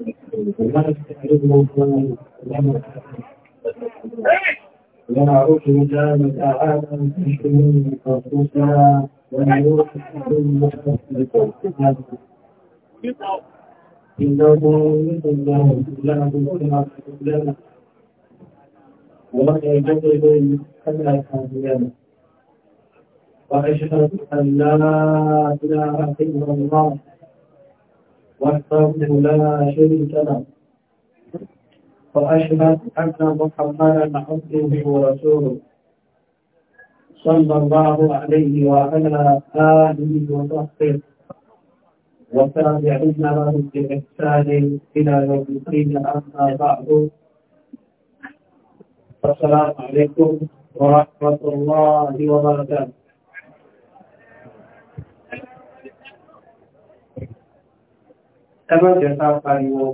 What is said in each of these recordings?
ونعوذ بالله تعالى من شرور انفسنا ونعوذ بالله من شرور انه من الله لا مضل له ومن يضلل فلا هادي له واشهد ان لا اله الا الله واستغفر لا شريك له وأشهد أن محمدا عبده ورسوله صلى الله عليه وعلى آله وصحبه وتابعنا له بإحسان إلى يوم الدين أما بعد السلام عليكم ورحمة الله وبركاته ẹgbẹ́jẹta pariwo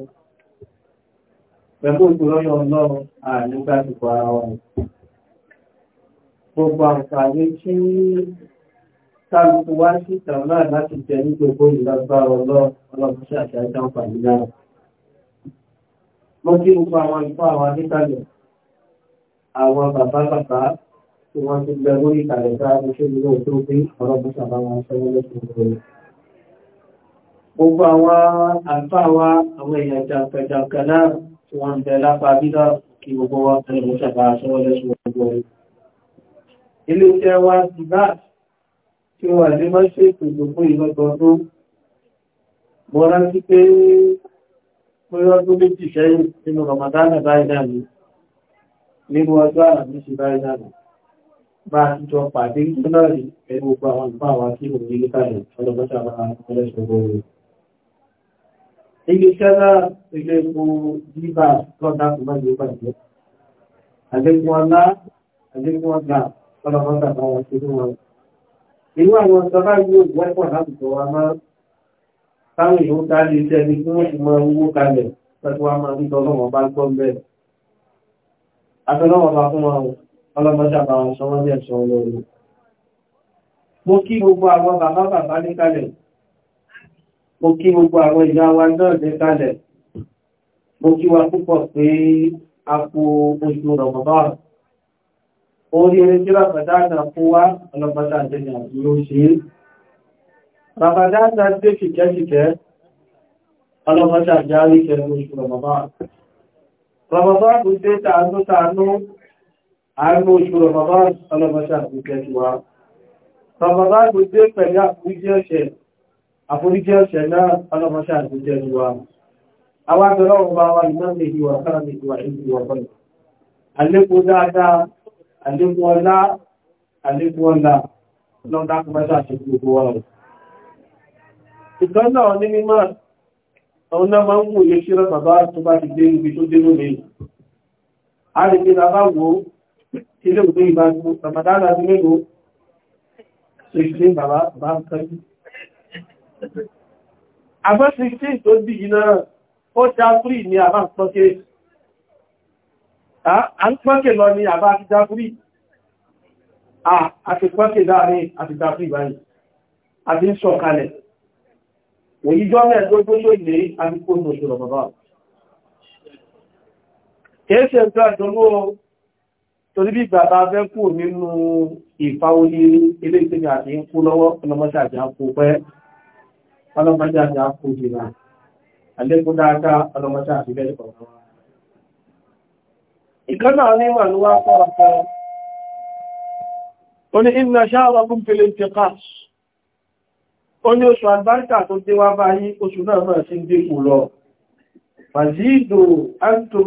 pẹ̀lú ìgbòròyìn ọlọ́run àìlúgbàtìkò ara wọn gbogbo àǹfààní tí kálùkù wá sí ìtàmà láti jẹ ní gbogbo ìlágbára ọlọ́run sí àṣà ìjàǹfààní náà mo kí gbogbo àwọn ìfọ́ àwọn níkàlẹ̀ àwọn bàbá bàbá tí wọ́n ti gbẹ lórí ìkàlẹ̀ sáà ní ṣe ìlú òtó bí ọlọ́run sábà wọn gbogbo àwọn àlùfáàwà àwọn èèyàn jàǹkàjàǹkà náà tí wọ́n ń bẹ lápá bídá kí gbogbo wa pẹ̀lú ṣàbà aṣọ́wọ́lẹ́ ṣùgbọ́n ilé iṣẹ́ wa ti bá tí wà ní máa ṣe ìpèsè fún ìlọ́gbọ̀ọ́dún mo rántí pé ọdún méjì sẹ́yìn nínú ramadana báyìí náà ni nínú ọjọ́ àmìsí báyìí náà ni bá a ti jọ pàdé náà rí pẹ̀lú gbogbo àwọn ìpáwà tí òun ní nípa ìfọ́lọ́gbọ́sà máa ń fọ́lẹ́sọ̀gbọ́ rẹ̀ iléeṣẹ́ náà ilé epo bíbà lọ́dá tó bá jẹ́ bàjẹ́ àlékún ọlá àlékún ọgbà ọlọ́mọdà bá wọn ṣe wọn irú àwọn ọ̀sọ́lá yóò wẹ́pọ̀ láti tọ́ wa máa táwọn èèyàn dá lè ṣe ẹni tí wọ́n ti mọ owó kalẹ̀ pẹ̀lú wa máa nítorí ọlọ́wọ́n bá gbọ́ bẹ́ẹ̀ àtọ́lọ́wọ́n bá fún wọn ọlọ́mọdà bá wọn sọ wọ́n ní ẹ̀sọ́ ọlọ́run mo kí gbogbo àwọn bàbá bàbá níkalẹ̀ mo kí gbogbo àwọn ìyá wa náà ní kalẹ̀ mo kí wa púpọ̀ pé a kú oṣù rọ̀mọ̀báà orí eré tí rafadana fún wa ọlọ́pàá àjẹyàn ló ṣe rafadana dé ṣìkẹ́ṣìkẹ́ ọlọ́pàá àjárí kẹrẹ oṣù rọ̀mọ̀báà rọ̀mọ̀báà kò dé tàánú tàánú àánú oṣù rọ̀mọ̀báà ọlọ́pàá àjẹyàn wa rọ̀mọ̀báà kò dé pẹ̀lú àkúrí ẹ̀ṣẹ̀ àforíjẹ́ ọ̀ṣẹ̀ náà ọlọ́mọṣẹ́ àtúnjẹ́ ìwà àwọn àtọ́lọ́ ọba wa ìmọ̀lẹ́ ìwà sára ní ìwà ìwà bọ́lá àlékún dáadáa àlékún ọlá àlékún ọlá lọ́dá kọmọṣẹ́ àṣẹkù gbogbo wa rẹ̀ ìtàn náà ní mímọ́ àwọn náà máa ń mú ilé ṣíra bàbá tó bá ti dé ibi tó dé lónìí a lè gbé bàbá wo ilé òde ìbájú ramadana ní mélòó 16 bàbá bá ń àbá 16 tó bí iná ó jáfúrí ní àbá pọ́kẹ́ à ń pọ́kẹ́ lọ ní àbá ti jáfúrí àti pọ́kẹ́ láàrin àti jáfúrí báyìí àti ń sọ kalẹ̀ òyí jọ́mẹ́ tó tó ló ilé àti kó ní òṣèlọ bàbá kẹ́ẹ̀ṣẹ̀ tó àjọlú torí bí bàbá fẹ́ kú nínú ìfà orí ilé ìsinmi àti ń kú lọ́wọ́ ọlọ́mọ́sàjá kú pẹ́ ọlọ́mọdé àti àkójì náà àlékún dáadáa ọlọ́mọdé àti bẹ́ẹ̀ kọ̀ọ̀kan ìkánà onímọ̀ ló wá sọ́rọ̀ fún ọ ní inna sha'rakum fil intiqas ó ní oṣù àlùbáríkà tó dé wá bá yí oṣù náà náà sí dínkù lọ fàzídò antum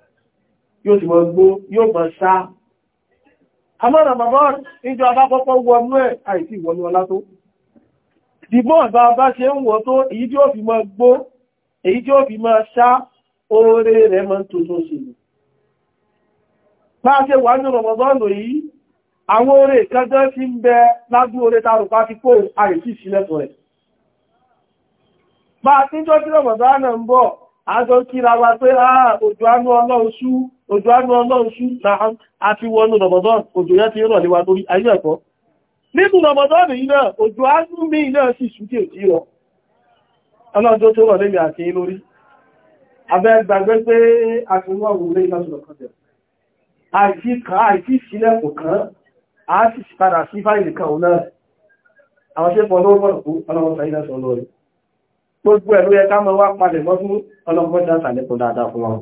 yóò ti mọ̀ gbó yóò mọ̀ sá àmọ́nà bàbá ìjọ abápọ́pọ́ wọnú ẹ̀ àìsí ìwọ̀nú ọlá tó dìbọ́ ọ̀bá bá ṣe ń wọ́ tó èyí tí ó fi mọ́ gbó èyí tí ó fi mọ́ sá oore rẹ̀ mọ́ tuntun sí bá ṣe wà ní yìí àwọn oore ń bẹ tarùpá ti kó àìsí òjò àánú ọlọ́run ṣú náà àti wọnú rọ̀bọ̀dọ́n òjò yẹ́ ti rọ̀ lé wa lórí ayé ẹ̀kọ́ nínú rọ̀bọ̀dọ́n yìí náà òjò àánú mi náà sì ṣúkè tí rọ ọlọ́jọ́ tó rọ̀ lẹ́mì àti lórí abẹ́ gbàgbé pé àfihàn Gbogbo ẹ̀lú ẹ̀ká mọ́ wá palẹ̀ mọ́ fún ọlọ́pọ̀ ìdásàlẹ́kùn dáadáa fún wọn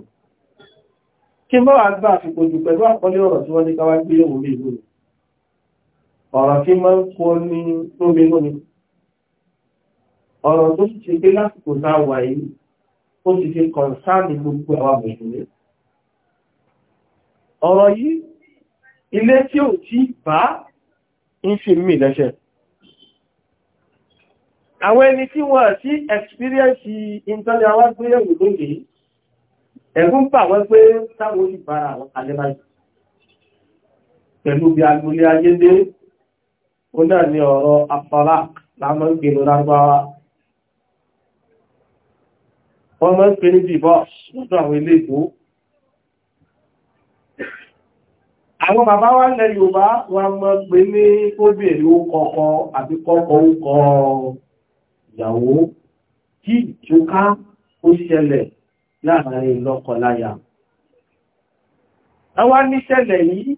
kí mọ́ àgbà àfikò jù pẹ̀lú àkọlé ọ̀rọ̀ tí wọ́n ní káwà gbé òun bí ìlú ọ̀rọ̀ tí mọ́ kó ní lómi lómi ọ̀rọ̀ tó sì ti gbé lásìkò táwà yìí ó ti fi kọ̀nsáàlì gbogbo àwọn mùsùlùmí ọ̀rọ̀ yìí ilé tí ò tí bá ń fi mí lẹ́ṣẹ̀ àwọn ẹni tí wọ́n sí experience ìntọ́lẹ̀ àwọn agbóyẹ̀wò lónìí ẹ̀gún bà wọ́n pé táwọn orí bára àwọn alẹ́báyìí pẹ̀lú bí agbólé ayédé ó náà ní ọ̀rọ̀ afọ́lá láàmọ́ ń pè lórárúbáwá wọ́n mọ́ ń pè ní dìbọ́ lọ́dọ̀ àwọn ilé ìgbó àwọn bàbá wa ó ṣẹlẹ̀ láàrin lọ́kọláya. A wá níṣẹ̀lẹ̀ yìí,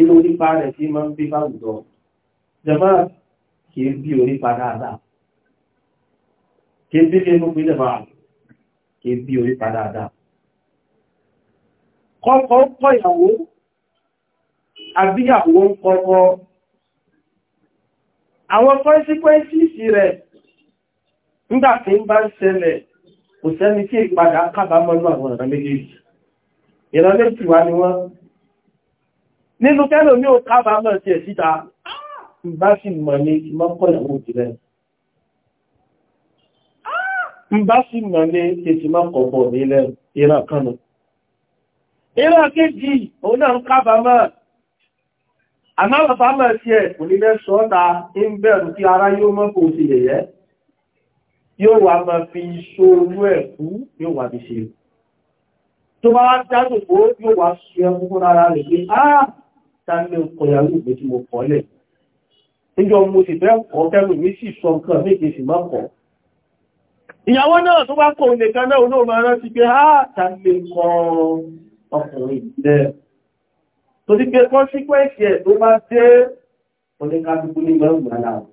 inú nípa rẹ̀ tí máa ń bí bá wùdọ̀. Jẹmá kìí bí orípa dáadáa. Kìí bí inú pínlẹ̀ bá kìí bí orípa dáadáa. Kọ́kọ́ kọ́ ìyàwó, àbíyàwó kọ́kọ́. Àwọn kọ́ẹ́síkwẹ́sí rẹ̀ nígbàtí ń bá ń ṣẹlẹ̀ kò sẹ́ni tí ìpadà kábàámọ́nú àwọn ọ̀rọ̀ méjèèjì ìran méjì wá ni wọ́n nínú kẹ́lò ní ò kábàámọ̀ sí ẹ̀ síta bá sì mọ̀ ní mọ́kànlẹ̀wò jìlẹ̀ bá sì mọ̀ ní ètì mọ́kànlẹ̀wò nílẹ̀ ìran kanu ìran kéjì òun náà kábàámọ̀ àmáwọ̀fàámọ̀ sí ẹ̀ kò nílẹ̀ sọ́ta ń bẹ̀rù kí ara yóò mọ́ kò sí yẹ̀yẹ́ yóò wà máa fi ṣoorú ẹ̀ fún yóò wà bí ṣe tó bá dájò pé yóò wà ṣe ẹmú fún ara rẹ̀ pé áà ah, tánlé ọkọ̀yàwó ìgbé tí mo kọ́ lẹ̀ níjọ mo sì fẹ́ kọ́ kẹ́rù mi sì sọ nǹkan méje sì má kọ́ ìyàwó náà tó bá kọ́ nìkan náà olóò máa rántí pé áà ah, tánlé kọ́ ọkùnrin ìbílẹ̀ tó ti pé consequence ẹ̀ tó bá dé oníkàdúgbò ní mẹ́rùn-ún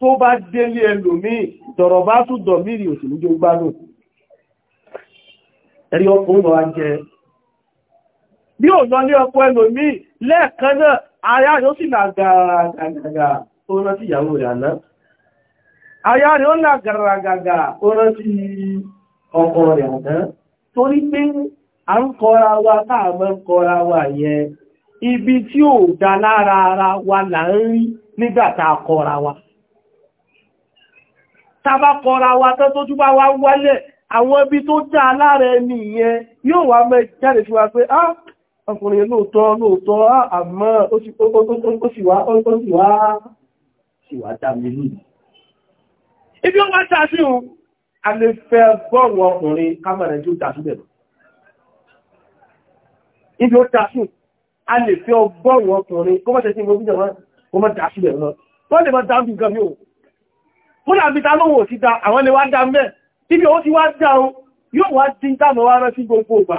tó bá délé ẹlòmíì dọ̀rọ̀ bá tún dọ̀mírì òṣèlú ní gbogbo ẹ̀rí ọkùnrin lọ jẹ́ bí ò lọ ní ọkọ̀ ẹlòmíì lẹ́ẹ̀kan náà rẹ̀ ó sì làgàràgàgà tó rántí ìyàwó rẹ̀ àná torí pé a ń kọra wa táàmọ́ ń kọra wa yẹn ibi tí dá wa là ń nígbà wa. tàbá kọra wa tán tó túbá wá wálẹ̀ àwọn ibi tó já aláàrẹ ni ìyẹn yóò wá mẹ́ jáde fi wa pé ah ọkùnrin lóòtọ́ lóòtọ́ àmọ́ ó sì wá dámi lù ibi ó wá tàṣíhùn a lè fẹ́ bọ́ọ̀rùn ọkùnrin kámẹ́rẹ̀ tí ó tàṣíbẹ̀ sí ìwọ̀n múlà bí ta lóhun òsì da àwọn lè wá dá mẹ́ ibi ó ti wá dá o yóò wá dín dámọ̀ wá rán sí gbogbo ọgbà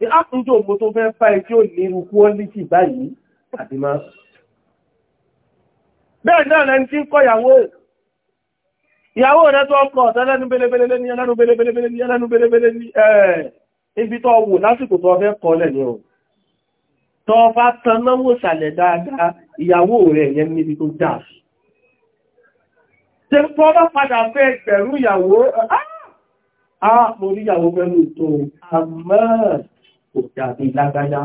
ní ápùnjò mo tó fẹ́ fà tí ó ní irú kúọ́lítì báyìí àti máa bẹ́ẹ̀ náà lẹni tí ń kọ́ ìyàwó ìyàwó rẹ̀ tó ọkọ̀ ọ̀tẹ́lẹ́nu belebele ní ẹlẹ́nu belebele ní ẹlẹ́nu belebele ní ibi tó wù lásìkò tó fẹ́ kọ́ lẹ̀ ní o tó bá tanáwó sàlẹ̀ dáadáa ìyàwó rẹ̀ yẹn níbi tó dáa sí tí tó bá padà fẹ́ pẹ̀lú ìyàwó á ah! ah, mo rí ìyàwó pẹ̀lú tó àmọ́ kò dàbí lágbájá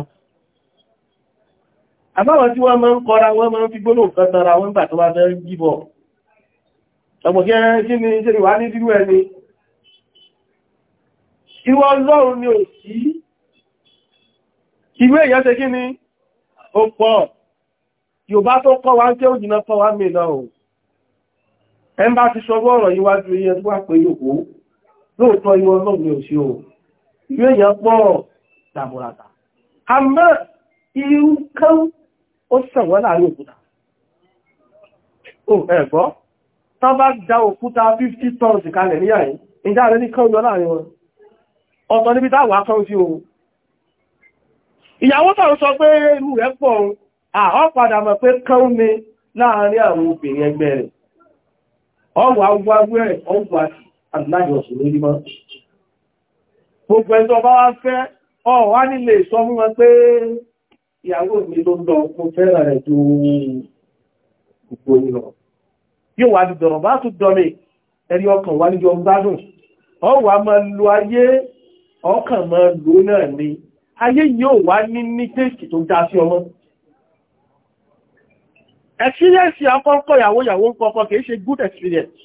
àbáwọn tí wọ́n máa ń kọra wọ́n máa ń fi gbónà kan tara wọ́n gbà tó bá fẹ́ gíbọ̀ ọmọ kí ẹran kí ni ṣe ìwà ní dírú ẹni ìwọ ọlọ́run ni ò sí ìwé ìyẹ́sẹ̀ kí ni ó pọ̀ yóò bá tó kọ́ wá ń tẹ́ òjìnà kọ́ wá mìíràn ohun ẹmbá ti ṣọgbọ́ ọ̀rọ̀ yíwájú iye tó wà pé yòkó lóòtọ́ ìwọ ọlọ́gbẹ̀ òṣì o ìwé èèyàn pọ̀ dàmùràtà àmọ́ irú kan ó sẹ̀wọ́ láàrin òkúta o ẹ̀gbọ́ tán bá já òkúta 50 tons kalẹ̀ ní àyí ìjá rẹ̀ ní kan yọ láàrin wọn ọ̀tọ̀ níbi táwà kan sí o ìyàwó tàà sọ pé irú rẹ̀ pọ̀ ọ̀hún padà mọ̀ pé kan ní láàrin àwọn obìnrin ẹgbẹ́ rẹ̀ ọwà wáwẹ́ ọwà aláyọ̀sùn lórí mọ́. Gbogbo ẹjọ́ bá wá fẹ́, ọwà nílé sọ fún wọn pé ìyàwó mi ló lọ mo fẹ́ràn rẹ̀ tó gbogbo ìlọ. Yóò wà dìdọ̀rọ̀ bá tún dọ́mì ẹ̀rí ọkàn wá níjọ gbádùn. Ọwà máa lo ayé, ọkàn máa experience àkọ́kọ́ ìyàwó ìyàwó kọ́kọ́ kìí ṣe good experience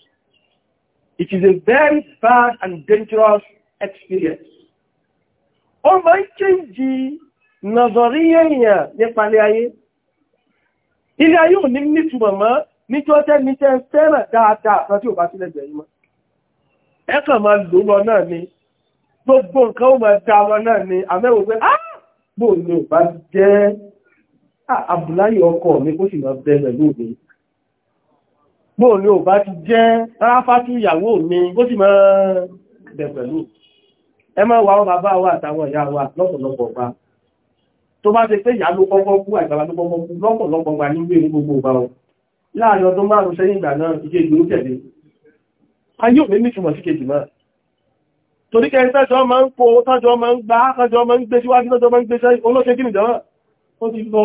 it is a very bad and dangerous experience ó máa ń kéjì nọ̀zọ̀rí èèyàn nípa ilé ayé ilé ayé ò ní nítumọ̀ mọ́ níjọ́ tẹ́ni tẹ́ fẹ́ràn dáadáa kan ò bá sílẹ̀ jẹ̀ yìí mọ́ ẹ̀kàn máa lò lọ náà ni gbogbo nǹkan ó máa dá wọn náà ni àmẹ́wò pé ah bóòlù bá jẹ́ àbúláyé ah, ọkọ mi kó sì máa bẹ̀rẹ̀ lóògbé bóò ní ò bá ti jẹ́ ráfátú ìyàwó mi kó sì máa bẹ̀rẹ̀ pẹ̀lú ẹ máa wà bàbá wa àtàwọn ìyá wa lọ́pọ̀lọpọ̀ pa tó bá ti pé ìyá ló kọ́kọ́ kú àgbàlá ló kọ́kọ́ kú lọ́pọ̀lọpọ̀ wà nígbé ní gbogbo ọba ọ láàrin ọdún márùn sẹ́yìn ìgbà náà ìkejì ó tẹ̀lé ayé òní nítumọ̀ sí kejì náà torí kẹrin tẹ́jọ́ máa ń kó tọ́jọ́ máa ń gbá tọ́jọ́ máa ń gbé síwájú tọ́jọ́ máa ń gbé sẹ́yìn olóṣèkí ó ti lọ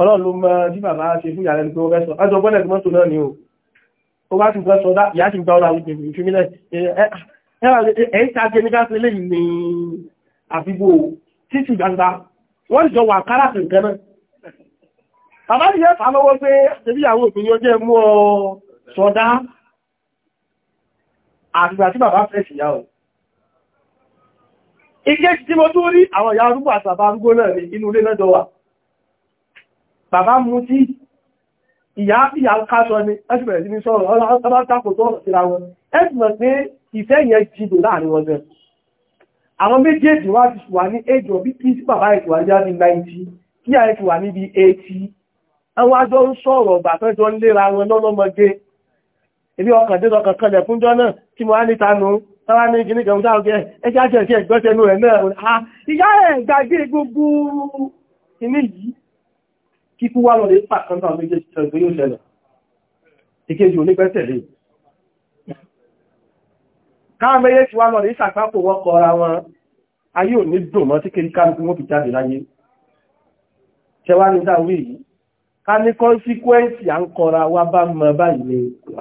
ọlọ́run mọ́ bí bàbá ṣe fún ìyàrẹ́ni pé ó rẹ́ sọ ọjọ́ bọ́lẹ̀ tí mọ́tò náà ni o ó bá ti gbọ́sọ dá ìyá ti gbá ọ̀rọ̀ àwọn ìpínlẹ̀ ìfimílẹ̀ ẹ̀ ní káṣí lè ní àfibò títì gbangba wọ́n bàbá mutí ìyá ìyá kásọ ni ẹ́sìbẹ̀rẹ̀ sí ní sọ̀rọ̀ ọlọ́pàá tako tó ọ̀rọ̀ wọn ẹ́sìmọ̀ pé ìfẹ́ yẹn jìdò láàrin wọn bẹ̀rẹ̀ àwọn méjèèjì wá ti wà ní èjò bí kí sí bàbá ètò àjá ní 90 kí àyè ti wà níbi 80 àwọn ajọ́ ń sọ̀rọ̀ ọ̀gbà fẹ́ jọ ń wọn lọ́lọ́mọdé ilé ọkàn dé ọkàn kanlẹ̀ náà tí mo wá ní tanú tọ́wá ní kìíní kan dáa ẹjá jẹ́ sí ẹgbẹ́sẹ̀nú rẹ̀ náà ah, ìyá ẹ̀ gbàgbé gbogbo kìíní yìí kíkú wá lọ́lẹ̀ pàkántà méjèèjì tẹ̀gbé yóò ṣẹlẹ̀ ìkéjì onípẹ́tẹ̀lé káà méjèèjì wá lọ́lẹ̀ ìṣàkápò wọ́n kọra wọn ayé ò ní dùn mọ́ tí kiri kálùkù wọ́n fi jáde láyé ṣẹwà ní dáwé yìí ká ní kọ́nsíkwẹ́ǹsì à ń kọra wá bá mọ báyìí kò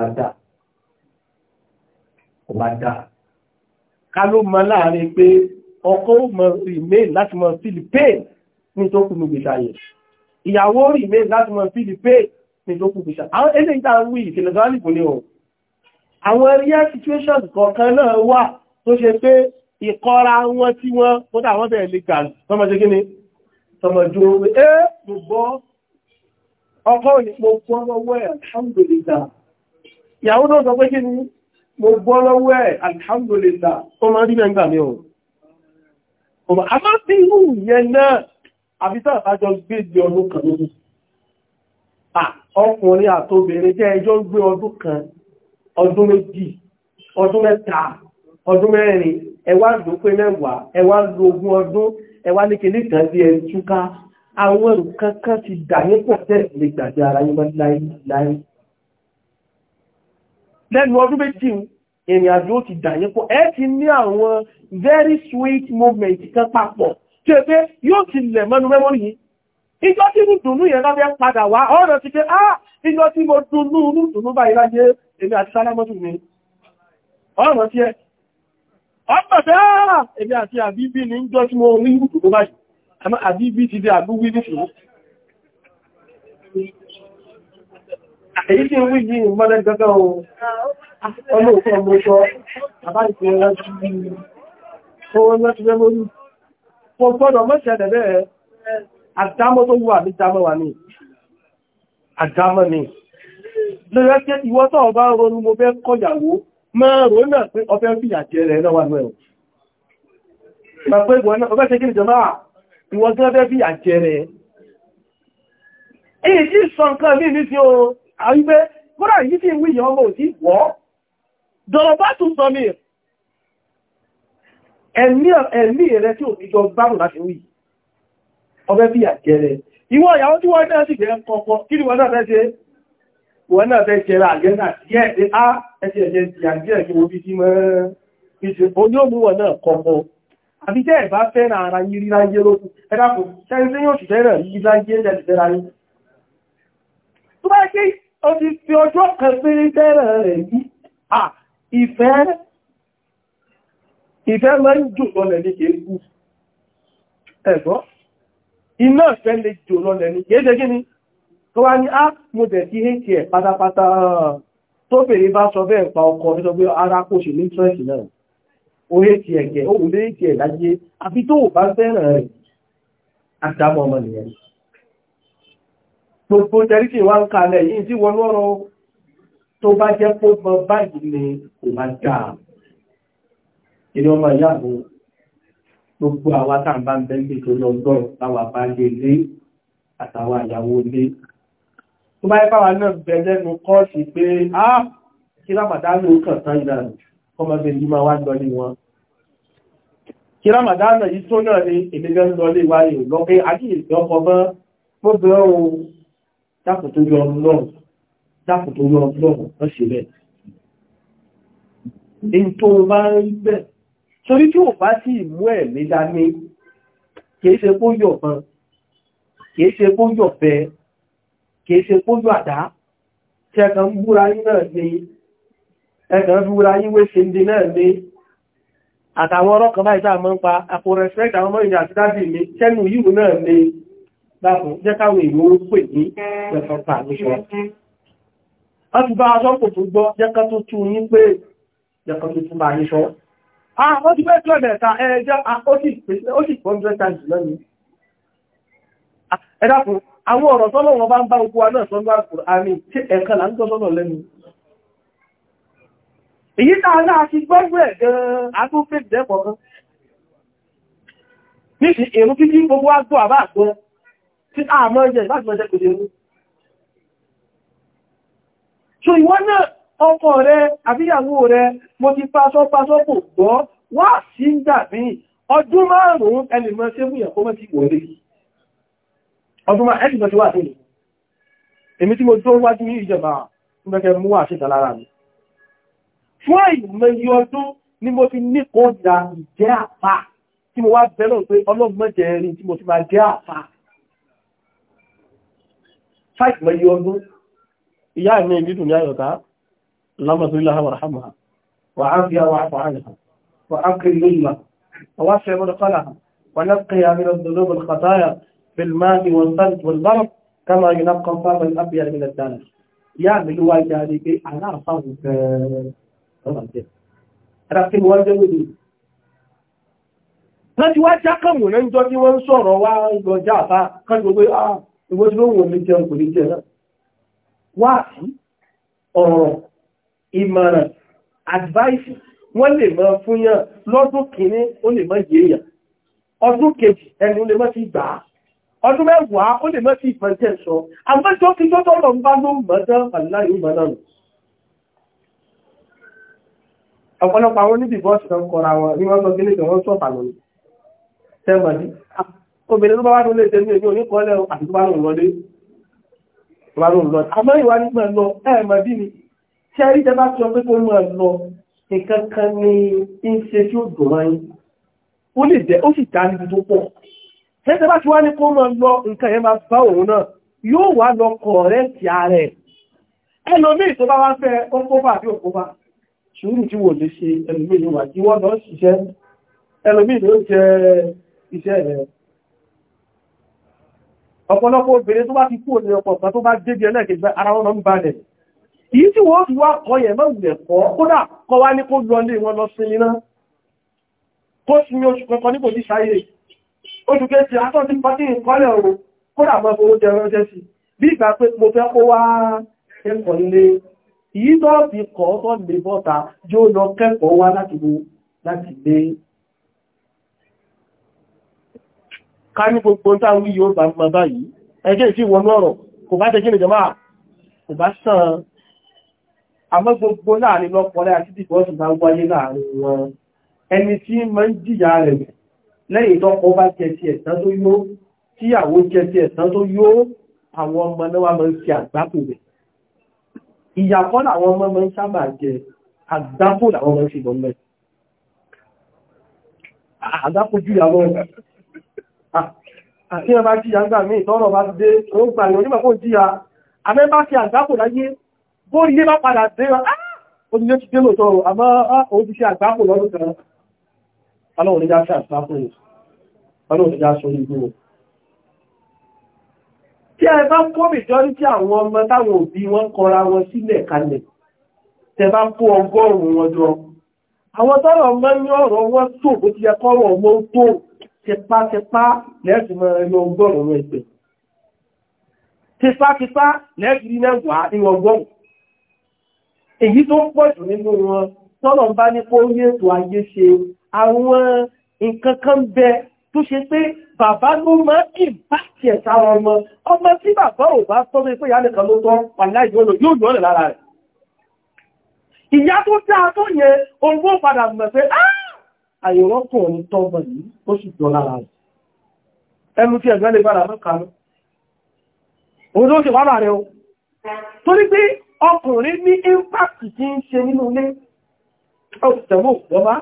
bá dá ká ló mọ láàrin pé ọkọ̀ ó mọ remain láti mọ feel pain ní tó kùnú gbèsè ayẹ̀ ìyàwó rí mé láti mọ̀ fílì pé ní tó kù fìṣà àwọn ilé ìta ń wí ìfìlẹ̀ gọ́ọ̀lì kò ní ọ̀ àwọn real situations kọ̀ọ̀kan náà wà tó ṣe pé ìkọra wọn tí wọ́n kó tà wọ́n bẹ̀rẹ̀ lè gà tọmọ ṣe kíni tọmọ ju omi ẹ́ gbogbo ọkọ ìpò gbọ́ lọ́wọ́ ẹ̀ alhamdulillah ìyàwó náà sọ pé kíni mo gbọ́ lọ́wọ́ ẹ̀ alhamdulillah ó máa rí mẹ́ngbà mi ò àfisà àbájọ gbé ìgbé ọdún kan lójú ọkùnrin àtobìnrin jẹ́ ẹjọ́ gbé ọdún kan ọdún méjì ọdún mẹ́ta ọdún mẹ́rin ẹwà ló pé mẹ́wàá ẹwà lo ogún ọdún ẹwà ní kìíní kan bí ẹ túká àwọn ẹrù kankan ti dà ní pọ̀ tẹ́ lè gbàdé ara yín wọ́n láyé láyé lẹ́nu ọdún méjì ìrìn àjò ti dà ní pọ̀ ẹ ti ní àwọn very sweet movement kan papọ̀ tí ẹ pé yóò ti lẹ̀ mẹ́nu mẹ́mọ́rì yìí ìjọ tí ní dùnú yẹn lábẹ́ padà wá ọ̀rọ̀ ti pé ah ìjọ tí mo dùnú ní dùnú báyìí láyé èmi àti sálámọ́tù mi ọ̀rọ̀ tí ẹ ọ̀pọ̀ tẹ́ ààrà èmi àti àbíbí ní jọ tí mo rí dùnú báyìí àmọ́ àbíbí ti dé àbúwí ní fìlú èyí tí ń wí yìí mọ́lẹ́ gẹ́gẹ́ o ọlọ́ọ̀kọ́ ọmọ ìṣọ́ àbáyìí kò gbọ́dọ̀ mọ́ṣẹ̀lẹ̀ bẹ́ẹ̀ àdámọ́ tó wà ní dámọ́ wà ní àdámọ́ ni lórí pé ìwọ tó ọba ronú mo fẹ́ kọyàwó mẹ́rọ náà pé ọfẹ́ fi àjẹ́ rẹ̀ náà wà ní ẹ̀rọ ìwọ tí wọ́n fẹ́ fi àjẹ́ rẹ̀ èyí tí sọ nǹkan ní ẹ̀mí rẹ̀ tí ò ní jọ bárùn láti wí ọbẹ́ bí àjẹ́rẹ̀ ìwọ ìyàwó tí wọ́n náà sì jẹ́ kọ̀ọ̀kọ́ kí ni wọ́n náà fẹ́ ṣe wọ́n náà fẹ́ ṣe ra àjẹ́ náà sí ẹ̀ẹ́ á ẹ̀ṣẹ̀ ẹ̀ṣẹ̀ ti àjẹ́ kí wọ́n bí sí mọ́ oníòmú wọ́n náà kọ̀ọ̀kọ́ àbí tẹ́ ẹ̀bá fẹ́ràn ara yín rí láyé lókun ẹ̀dàkùn sẹ́yìn tí yóò sì fẹ́ràn yí láyé lẹ́lẹ̀ fẹ́ra ìfẹ́ ìfẹ́ máa ń jò lọ́lẹ̀ ní kéèkú ẹ̀gbọ́ iná ìfẹ́ lè jò lọ́lẹ̀ ní kéèkú gíní tó wá ní ápùdẹ̀ sí hẹ́kì ẹ̀ pátápátá tó bèèrè bá sọ bẹ́ẹ̀ pa ọkọ̀ ní sọ pé ara kò ṣe lẹ́tírẹ̀sì náà ó hẹ́kì ẹ̀gẹ̀ ó wùlé hẹ́kì ẹ̀ láyé àfi tó bá fẹ́ràn rẹ̀ àdámọ́ ọmọ ilé ọmọ ìyàbò gbogbo àwa tàn bá ń bẹ́ ní torí ọgbọ́n láwà bá lè lé àtàwọn àyàwó lé tó bá ipáwa náà bẹ lẹ́nu kọ́ọ̀sì pé á kí lámàdánù kàn tán ìlànà kọmọdé yìí máa wá lọ ní wọn kí lámàdánù yìí tó náà ní ìdíjẹ́ ń lọ lé wáyé lọ́pẹ́ àkíyèsí ọkọ̀ mọ́ gbogbo ohun dákùn tó yọ ọlọ́run dákùn tó yọ ọlọ́run lọ́sẹ̀ bẹ́ẹ̀ torí tí ò bá sí ìmú ẹ̀mí dání kìí ṣe kó yọ̀bọn kìí ṣe kó yọ̀bẹ kìí ṣe kó yọ àdá tí ẹkàn búra yí náà ní ẹkàn búra yí wé ṣe ndí náà ní àtàwọn ọ̀rọ̀ kan báyìí táà mọ́ ń pa àpò respect àwọn ọmọ ìrìn àti dábì mi tẹ́nu yíò náà ní láàpù jẹ́ káwọn ìlú ó pè ní ẹ̀fọ́pà àmìṣọ́ wọ́n ti bá aṣọ́pò tó gbọ́ jẹ́kọ́ tó tún yí pé jẹ́kọ́ àwọn ah, ti bẹ́ẹ̀ tílọ̀ mẹ́ta ẹjọ́ ah, ó sì pọ̀ hundred times lónìí ah, ẹ̀dàkùn àwọn ọ̀rọ̀ tọ́lọ̀ wọn bá ń bá ogun wa náà sọ́nà àkùrù àmì tí ẹ̀kan là ń gbọ́ sọ́nà lẹ́nu èyí táa náà ti gbọ́gbọ́ ẹ̀ gan-an àtúnfẹ́ ìdẹ́pọ̀ kan níṣì èrú kíkí gbogbo àgbọ́ àbá àgbọ́ tí àmọ́ ẹjẹ́ ìbájúmọ́jẹ́ kò ọmọ rẹ̀ àbíyàwó rẹ̀ mo ti pásọ́ pásọ́ kò gbọ́ wá sí ń dà ní ọdún márùn-ún ẹlìmọ̀ sí múyàn kó mẹ́tí wọlé ọdún márùn-ún ẹlìmọ̀ sí wà sí èmi tí mo tó wájú ní ìjọba mẹ́kẹ́ mú sí ní kó dà ìjẹ́ ọdún ìyá ìmẹ́ ìlú ní àyọ̀ká اللهم اغفر لها وارحمها وعافها واعف عنها وأكرم منها ووسع مدخلها ونقيها من الذنوب الخطايا بالماء والثلج والبرد كما ينقى الثوب الأبيض من الدنس واجه هذه في أنا أصابك رقم واجه ودي ti واجه كم من ń jọ tí wọ́n ń sọ̀rọ̀ wá ìgbọ̀njá àfá kọjú pé ah ìwọ́n tí ìmọ̀ràn advice wọ́n lè mọ́ fún yàn lọ́dún kìíní ó lè mọ́ yé èèyàn ọdún kejì ẹni lè mọ́ sí gbà á ọdún mẹ́wàá ó lè mọ́ sí ìfẹ́ntẹ́ sọ àmọ́jọ́ ti tọ́tọ́ lọ bá ló mọ́dán aláì mọ́ náà ọ̀pọ̀lọpọ̀ àwọn oníbì bọ́ọ̀sì kan kọra wọn ní wọ́n sọ gílé kan wọ́n sọ̀tà lónìí tẹ́mọ̀dí obìnrin tó bá wá tó lè tẹ́lú èmi oníkọ́lẹ̀ àti tó bá lòun lọlé àmọ́ ìwà nígbà lọ ẹ̀ẹ̀mọ̀dí ni tí a rí tẹ́ bá tí ọ pé kó mọ́ lọ nǹkan kan ní ṣe tí ó dùn rán yín ó lè jẹ́ ó sì ta níbi tó pọ̀ tẹ́ bá tí wá ní kó mọ́ lọ nǹkan yẹn máa bá òun náà yóò wá lọ kọ̀ọ̀rẹ́tì ààrẹ ẹlòmíì tó bá wá fẹ́ ọkọ́bà àbí òkọ́bà ṣúrù tí wò lè ṣe ẹlòmíì yóò wà tí wọ́n lọ ṣiṣẹ́ ẹlòmíì ló jẹ iṣẹ́ rẹ̀ ọ̀pọ̀lọpọ̀ obìnrin tó bá ti Èyí tí wọ́n fi wá kọ yẹ̀ mọ́wùlẹ̀ kọ́, kódà kọ wá ní kó lọ lé wọn lọ sinmi náà. Kó sinmi oṣù kankan ní kò ní ṣáyé. Oṣù kẹsì àtọ́ ti pàtí ìkọlẹ̀ ọ̀rọ̀, kódà mọ́ fowó jẹ ránṣẹ́ sí. Bí ìgbà pé mo fẹ́ kó wá kẹ́kọ̀ọ́ nílé, èyí tó fi kọ́ tó lè bọ́ta jó lọ kẹ́kọ̀ọ́ wá láti wo láti gbé. Ká ní gbogbo táwọn yóò bá àmọ́ gbogbo láàrin lọ́pọ̀lẹ́ àti dìbọ́sì bá wáyé láàrin wọn ẹni tí ma ń jìyà rẹ̀ lẹ́yìn tọ́pọ̀ bá jẹti ẹ̀sán tó yó tíyàwó jẹti ẹ̀sán tó yó àwọn ọmọ náwà ma ń fi àgbákò rẹ̀ ìyàkọ́ làwọn ọmọ ma ń sábà jẹ àgbákò làwọn ọmọ fi bọ́mẹ́ àti ẹbá jìyà ń gbà mí ìtọ́rọ̀ bá ti dé ó gbà yọ nígbà kó àmẹ́bá fi àgbákò láyé bórí yé bá padà dé wọn ah, onílé ti dé lòtọ́ àmọ́ òjíṣẹ́ ah, àgbápò lọ́dún kan ọlọ́run níjá sí àgbápò ọlọ́run níjá sórí igbó tí ẹ bá kó mìjọ́rí tí àwọn ọmọ táwọn òbí wọn kọra wọn sílẹ̀ kalẹ̀ tẹ bá kó ọgọ́rùn-ún wọn jọ àwọn tọ́rọ ọmọ ní ọ̀rọ̀ wọn tó bó ti ẹkọ́rọ̀ ọmọ tó tipátipá lẹ́ẹ̀sì mọ́ ẹyọ ọgọ́rùn-ún ẹgbẹ̀ tipátipá lẹ́ẹ̀sì rí mẹ́wàá ní ọgọ́rùn-ún èyí tó pọ̀ jù nínú wọn tọ́lọ̀ ń bá ní kó ní ètò ayé ṣe àwọn nǹkan kan bẹ tó ṣe pé bàbá ló máa kì bá ti ẹ̀ta ọmọ ọmọ tí bàbá ò bá tọ́ pé ìyá nìkan ló tọ́ pàlá ìjọ́lò yóò yọ́ rẹ̀ lára rẹ̀ ìyá tó dáa tó yẹn owó padà mọ̀ pé ah! àyọ̀rọ̀ kò ní tọ́gbọ̀n yìí ó sì jọ lára rẹ̀ ẹnu tí ẹ̀gbẹ́ lè padà mọ́ kanú òun ló ṣe wá bàrẹ̀ o torí pé ọkùnrin ní impact tí ń ṣe nínú ilé ọ̀tẹ̀mọ̀ ìjọba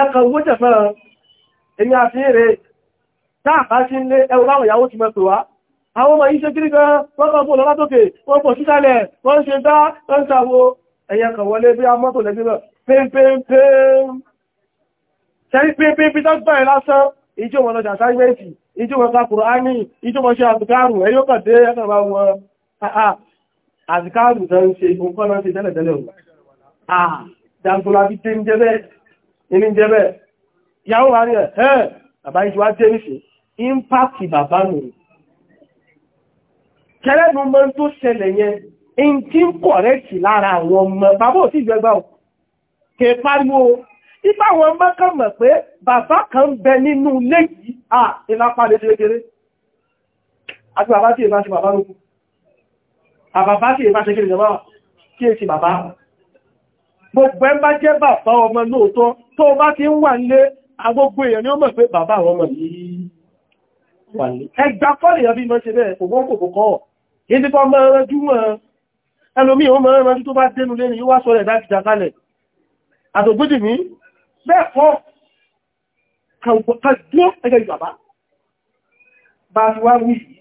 ẹ̀kọ̀ owó jẹ̀fẹ́ra èyí àti èrè táàbá sí ilé ẹwọ́ láwọn ìyàwó ti mẹ́pẹ̀ wá àwọn ọmọ yìí ṣe kiri gan wọ́n kan bóòlọ́ látòkè wọ́n pọ̀ sísàlẹ̀ wọ́n ṣe dá wọ́n ṣàwó ẹ̀yẹ kan wọlé bí a mọ́tò lẹ́gbẹ́ lọ pẹ́mpẹ́mpẹ́m ìjọba ka kùránì ìjọba ṣe àzìkárù ẹyọ́ kàdé ẹkàrà wọn àzìkárù tó ń ṣe ìfún kọ́nà sí tẹ́lẹ̀tẹ́lẹ̀ jàǹtọ́lábí tí ń jẹ́bẹ̀ yàwó wà ní ẹ̀ ẹ́ bàbá ìjọba jẹ́ ìṣẹ́ ìmpáàkì bàbá nù kẹrẹ́nu mọ́ tó ṣẹlẹ̀ yẹn in tí ń kọ̀rẹ́kì lára àwọn ọmọ bàbá ò sí ìgbẹ́gbà ò kẹ pariwo Ibá wọn mọ́kàn mọ̀ pé bàbá kan bẹ nínú ilé yìí, à ìlápá lédèrèdèrè. Àti bàbá tí èbá ṣe bàbá lókù. Àbàbá tí èbá ṣe kí ìjọba kí è ṣe bàbá. Gbogbo ẹ bá jẹ́ bàbá ọmọ lóòótọ́ tó bá ti ń wà nílé agbógbó èèyàn ni ó mọ̀ pé bàbá àwọn ọmọ yìí wà ní. Ẹgbà fọ́lì ọbí mọ́ ṣe bẹ́ẹ̀ kò wọ́n kò kò kọ́ ọ̀. Ìdí kan mọ́ ẹranjú mọ́ ẹlòmí ìwọ́n mọ́ ẹranjú tó bá dénú lé ní wá sọ rẹ̀ dákìjà kalẹ̀. Àtògbódì mi, Lẹ́ẹ̀kọ́, kàdúró ẹgbẹ́ ìgbàbá. Bá ti wá wí yìí,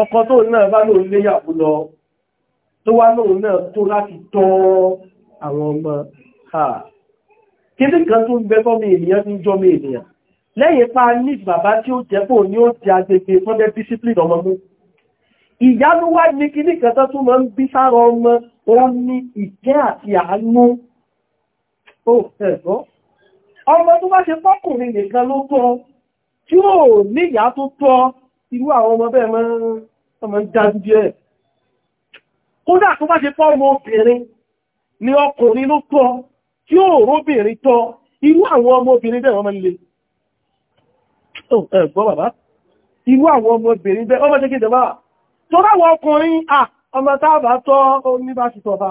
ọkọ tó náà bá lóòrùn léyàwó lọ, tó wá lóòrùn náà tó láti tọ́ àwọn ọmọ àà. Kí ní kan tó ń bẹ́ fọ́mí ènìyàn ní jọmí ènìyàn? Lẹ́yìn pa ní bàbá tí ó jẹ́pò ní ó jẹ agbègbè fọ́dẹ́ discipline ọmọ mú. Ìyá ló wá ní kí ní kan tó tún ń bí sára ọmọ, ó ní ìkẹ́ àti àánú ó ọmọ tó bá ṣe pọ́kùnrin nìkan ló tọ́ tí ó níyà tó tọ́ irú àwọn ọmọ bẹ́ẹ̀ mọ́ jáde kódà tó bá ṣe pọ́ ọmọ obìnrin ni ọkùnrin ló tọ́ tí ó róbìnrin tọ́ irú àwọn ọmọ obìnrin bẹ́ẹ̀ wọ́n lè ẹ̀gbọ́ bàbá irú àwọn ọmọ obìnrin bẹ́ẹ̀ ọmọ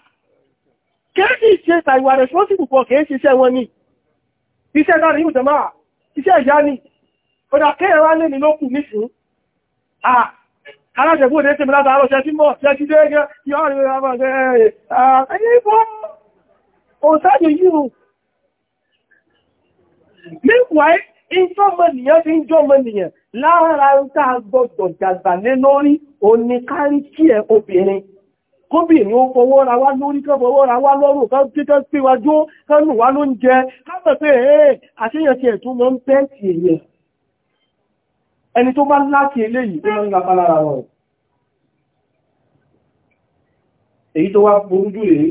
kéèkì ṣe tàìwà rẹ̀ ṣọ́sì púpọ̀ kéè ṣiṣẹ́ wọn ní iṣẹ́ náà rí ìjọmá iṣẹ́ ìyá ní ọdá kéèwà lè ní lókù níṣùn alájẹ̀gbò ní ètè mìíràn àárọ̀ ṣẹ́sí mọ́ ṣẹ́sí dẹ́gẹ́ yọ́ rí ọmọ ẹ̀yẹ́ ìbọn òṣàjò yìí meanwhile ìjọmọ̀nìyàn fi ń jọmọ̀nìyàn lára ń tàà gbọ́dọ̀ jàgbà lé lórí oníkárí kí ẹ obìnrin kóbìnrin ó fọwọ́ ra wá lórí kán fọwọ́ ra wá lọ́rùn kán títọ́ síwájú kán nù wá ló ń jẹ káàpẹ̀ pé ẹ̀ àṣeyàn ti ẹ̀tún mọ́ ń pẹ́ǹtì èèyàn ẹni tó bá láti eléyìí tó mọ́ ń gapá lára wọn èyí tó wá burú jù rèé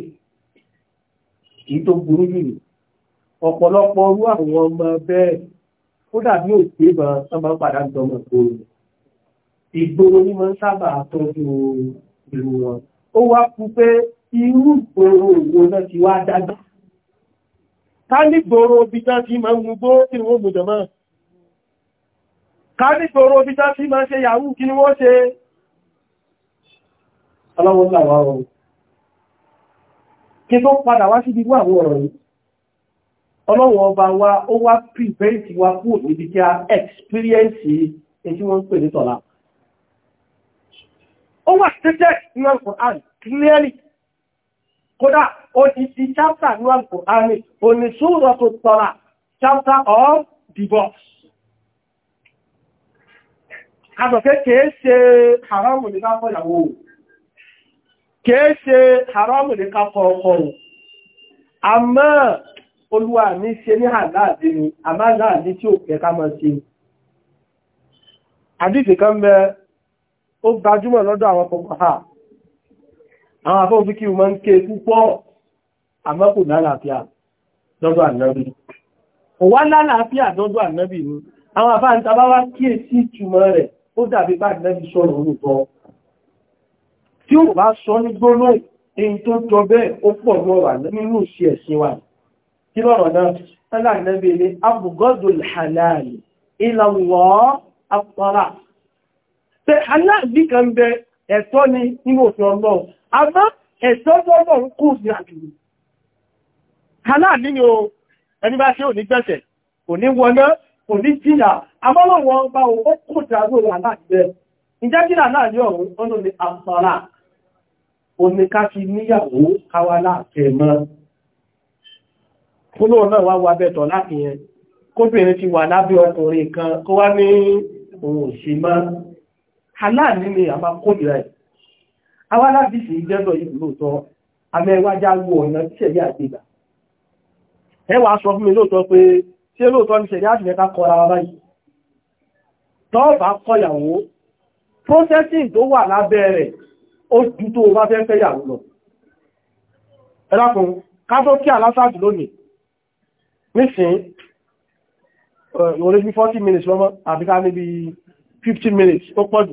èyí tó burú jù rèé ọ̀pọ̀lọpọ̀ orú àwọn ọmọ bẹ́ẹ̀ ó dàbí òpé bá ọmọ padà dọmọ ìgboro ní mọ́ sábà tọ́jú ìlú wọn ó wá kú pé irú gbòòrò òwò náà ti wá dágbà ká ní gbòòrò obìtá tí ma ń gbó kí ni wọ́n mú jọmọ́ ká ní gbòòrò obìtá tí ma ṣe yàwó kí ni wọ́n ṣe aláwọ̀ láwọ̀ ọ̀rọ̀ kí tó padà wá sí gbígbó àwọn ọ̀rọ̀ yìí ọlọ́wọ̀ ọba wa ó wá prevent wa kúrò níbi kí a experience èyí tí wọ́n ń pè ní tọ̀lá ó wà stated ní Al-Qur'an clearly kódà ó ti ti chapter ní Al-Qur'an ó ní ṣúrọ̀ tó tọ́ra chapter of divorce àgbọ̀kẹ́ kìí ṣe haramu ní ká fọ́yàwó kìí ṣe haramu ní ká fọ́ ọkọ àmọ́ olúwa ní ṣe ní àláàdì ni àmá láàdì tí ó kẹ́ká mọ́ sí àdífẹ́ kan bẹ́ẹ̀ ó gbajúmọ̀ lọ́dọ̀ àwọn ọkọ̀ ha àwọn afọ́ fi kí o máa ń ké púpọ̀ àmọ́kù lálàáfíà lọ́dọ̀ ànábì ó wá lálàáfíà lọ́dọ̀ ànábì ni àwọn afá ń tabá wá kíè sí ìtumọ̀ rẹ̀ ó dàbí bá ànábì sọ̀rọ̀ olùkọ́ tí ó bá sọ ní gbóná èyí tó jọ ṣe aláàbí kan bẹ ẹ̀tọ́ ni nínú òfin ọlọ́run àmọ́ ẹ̀tọ́ ọlọ́run kú sí àjùlù aláàbí ni o ẹni bá ṣe òní gbẹ̀ṣẹ̀ òní wọná òní jìyà amọ́lọ́wọ́ bá o ó kò dáró aláàbẹ̀ ìjẹ́ jìyà náà ní ọ̀run ọ̀nà ni àfàrà omi ká fi níyàwó káwà kó wá ní òun òṣì máa aláàní ni a máa kó ìrẹ́ àwọn alábìsì ìjẹ́lọ yìí lóòtọ́ amẹ́wájá wo ọ̀nà tí ṣẹ̀rí àgbègbà ẹ wàá sọ fún mi lóòtọ́ pé ṣé lóòtọ́ ni ṣẹ̀rí àṣìmẹ́ta kọra wa báyìí tọ́ọ̀bà kọyàwó processing tó wà lábẹ́ rẹ̀ ó minutes ó pọ̀jù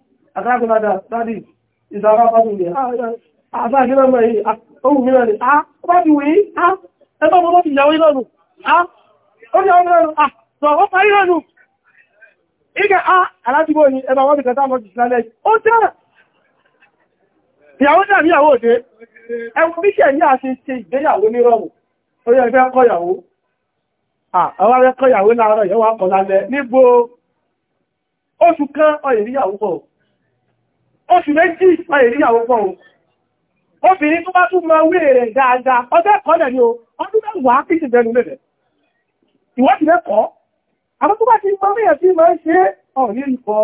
àtàkùn àdá dádì ìsàrà fásitì rẹ̀ àtàkìlẹ̀ mọ̀ yìí ohun mìíràn ni ah ó bá ti wèé ah ẹgbẹ́ ah ó ní ọmọ ìlọ́nu ah sọ ó ti sílẹ̀ ó jẹ́ ìyàwó dàbí ìyàwó òde ẹwọ bíṣẹ̀ ní àṣẹ ṣe ìgbéyàwó ní rọrùn ó yẹ fẹ́ kọ́yàwó àwọn akẹ́kọ̀ọ́yàwó láàárọ̀ ìyẹ́wà kọ̀ lálẹ́ níbo oṣù kan ọ̀yẹ̀ ìyàwó pọ̀ oṣù méjì ìyàwó pọ̀ o obìnrin tó bá tún máa wé rẹ̀ dáadáa ọjọ́ ẹ̀kọ́ náà ni o ọdún mẹ́wàá kí sì bẹnu lẹ́bẹ̀ ìwọ́sì lẹ́kọ̀ọ́ àwọn tó bá ti mọ́ rí ẹ̀sí máa ń ṣe ọ̀rọ̀ ní ìkọ́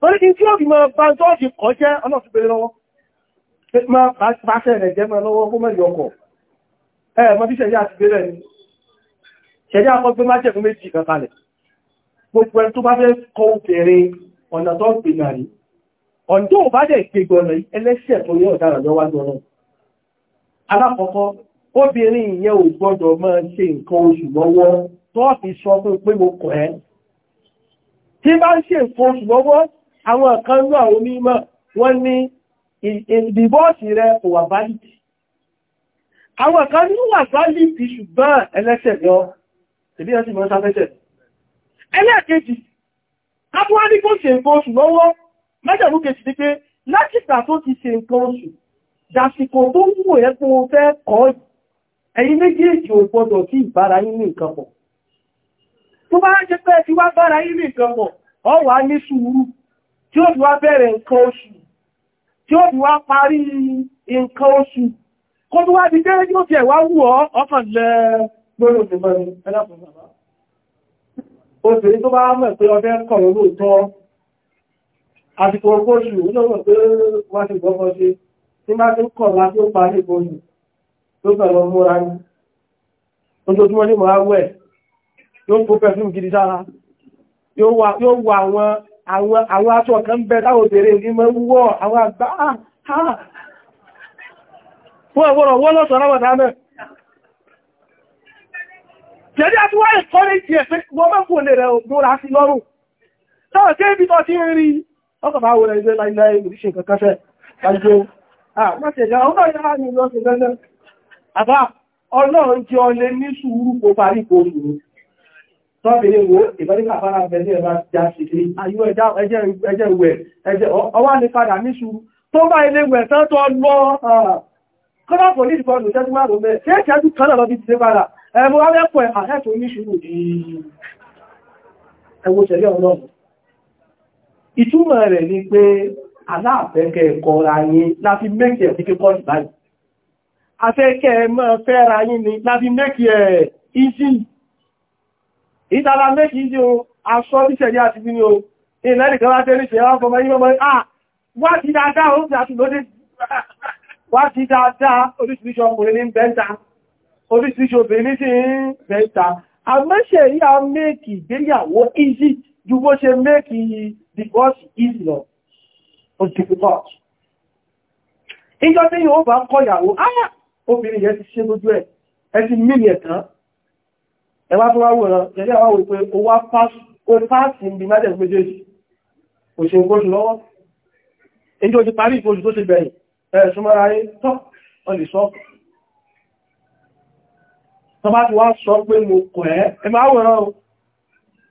torí kí tí ó fi máa bá kọ́ jẹ́ ọlọ́sùgbé lọ́wọ́ jẹ́ fún méjì kankalẹ̀ gbogbo ẹni tó bá fẹ́ kọ́ obìnrin ọ̀nà tó ń pè náà ọ̀n tó bá dẹ̀ ìpégbò ọ̀nà ẹlẹ́ṣẹ̀ tó ní ọ̀dára lọ́wájú ọ̀nà alákọ̀ọ́kọ́ obìnrin ìyẹn ò gbọ́dọ̀ máa ṣe nǹkan oṣù lọ́wọ́ tó fi sọ fún pé mo kọ̀ ẹ́ tí bá ń ṣe nǹkan oṣù lọ́wọ́ àwọn kan ní àwọn onímọ̀ wọ́n ní ìdìbọ́ọ̀sì rẹ kò wà bálìtì àwọn kan ní wà bálìtì ṣùgbọ́n ẹlẹ́ṣẹ̀ lọ tẹ̀bí ẹ̀ sì mọ́ sáfẹ́ṣẹ̀ ẹlẹ́ẹ̀kejì abúwá ní kò ṣe nǹkan lọ́wọ́ mẹ́jẹ̀mú kejì ní pé látìgbà tó ti ṣe nǹkan oṣù dàsìkò tó ń wò ẹ́ pé o fẹ́ kọ́ ẹ̀yin méjèèjì ò gbọdọ̀ sí ìbára yín ní nǹkan pọ̀ tó bá jẹ́ pé ti wá bára yín ní nǹkan pọ̀ ọ wà ní sùúrù tí ó fi wá bẹ̀rẹ̀ nǹkan oṣù tí ó fi wá parí nǹkan oṣù kó tó wá di dé yóò fi ẹ̀wá wù ọ́ ọkàn lẹ gbọ́rọ̀ àsìkò ogóṣù olóòrùn pé wọ́n ti gbọ́gbọ́ ṣe tí máa tí ń kọ̀ láti ó parí ogóṣù tó bẹ̀rọ múra ní ojoojúmọ́ ní mọ̀á wẹ̀ yóò tó pẹ̀fún gidi sára yóò wà àwọn aṣọ kan bẹ táwọn obìnrin ní mọ́ ọkọ̀ bá wọ́n ẹgbẹ́ láìláì ìrìṣẹ́ kankanṣẹ́ pàjọ àmọ́sẹ̀dá ọlọ́yàrá tí ọlẹ́ ní sùúrù kò parí kò rú tọ́bìnrin wo ìbẹ́ríkà fara bẹ̀rẹ̀ ẹ̀bá já sí ilé ayú ẹjẹ́ ìwẹ̀ ẹjẹ́ ọwá ní padà ní tó bá ilé ìwẹ̀ tán tó mẹ́ ìtumọ̀ rẹ̀ ni pé aláàfẹ́kẹ́ ẹ̀kọ́ra yín láti mẹ́kì ẹ̀ kíkọ́ ìbáyìí afẹ́kẹ́ ẹmọ́ fẹ́ra yín ni láti mẹ́kì ẹ̀ ìsì ìtàlá mẹ́kì ìsì o aṣọ́ tíṣẹ̀ ní àti bí ní o ìlẹ́rìnkẹ́ wá tẹ́rí ṣe wá fọmọ yín mọ́mọ́ ah wá ti dáadáa ó ti àti lóde wá ti dáadáa oríṣiríṣi ọkùnrin ní bẹ́ńtà oríṣiríṣi obìnrin sí bẹ́ńtà àmọ́ṣẹ̀ yí a mẹ́kì ìgbéyàwó egypt ju bó ṣe méèkì divorce easy lọ ó difficult ìjọ tí yóò bá kọ ìyàwó áyà ah! obìnrin yẹn ti ṣe lójú ẹ̀ ẹ ti mílì ẹ̀tàn ẹwà tó wá wòrán jẹ́lẹ́ àwọn òpé ó wá pàásì ní mẹ́jẹ̀ méjèèjì òṣèlú gbóṣù lọ́wọ́ èyí ò ti parí ìgbóṣù tó ti bẹ̀rẹ̀ ẹ̀ súnmọ́ra ayé tọ́ ọ lè sọ tọ́ bá ti wá sọ pé mo kọ̀ ẹ́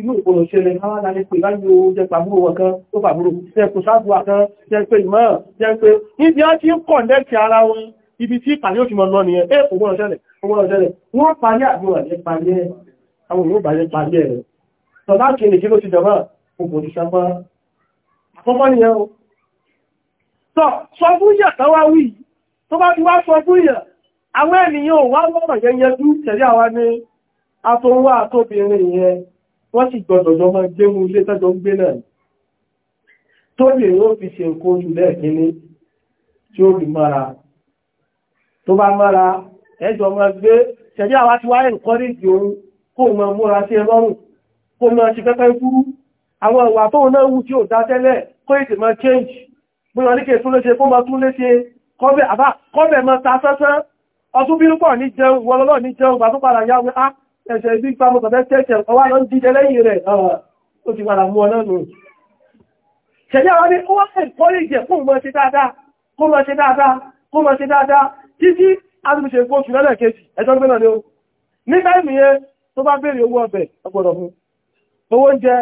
inú ìpòrò ṣẹlẹ̀ káwà láti pè láyé o jẹ́ pàbúrò wọn tó pàbúrò jẹ́ pé sáàtùwà jẹ́ pé ìmọ̀ jẹ́ pé níbi á ti ń kọ̀ǹdẹ́kì ara wọn ibi tí pàlẹ́ òṣì mọ̀ lọ nìyẹn ẹ́ ògbọ́n ṣẹlẹ̀ wọ́n parí àdúrà ẹ̀ àwọn àwọn wọ́n sì gbọdọ̀jọ́ máa gbéhun ilé tọ́jọ́ ń gbé náà tó lè ó fi ṣe nǹkan ojú lẹ́ẹ̀kíní tí ó lè mara tó bá mara ẹjọ́ máa gbé ṣẹ̀dí àwá ti wáyé nǹkan ní ìdí oorun kó máa múra sí ẹlọ́rùn kó máa ṣe kẹ́kẹ́ kúrú àwọn ìwà tó náà wù tí ò dá tẹ́lẹ̀ kó ètè máa change bí wọ́n ní kí ètò léṣe kó máa tún léṣe kọ́bẹ̀ máa ta sánsán ọtún bínú pọ̀ ní jẹun ìwọlọ́lọ́ ní jẹun bàtún padà á ẹ̀ṣẹ̀ ibi pàmọ́ kọ̀fẹ́ tẹ́ẹ̀ṣẹ̀ ọwá lọ jíjẹ lẹ́yìn rẹ̀ ah, ó ti padà mú ọ̀nà nù ṣẹ̀dá wọn ni ó wá ẹ̀kọ́ lè fún mọ́ dáadáa owó ọbẹ̀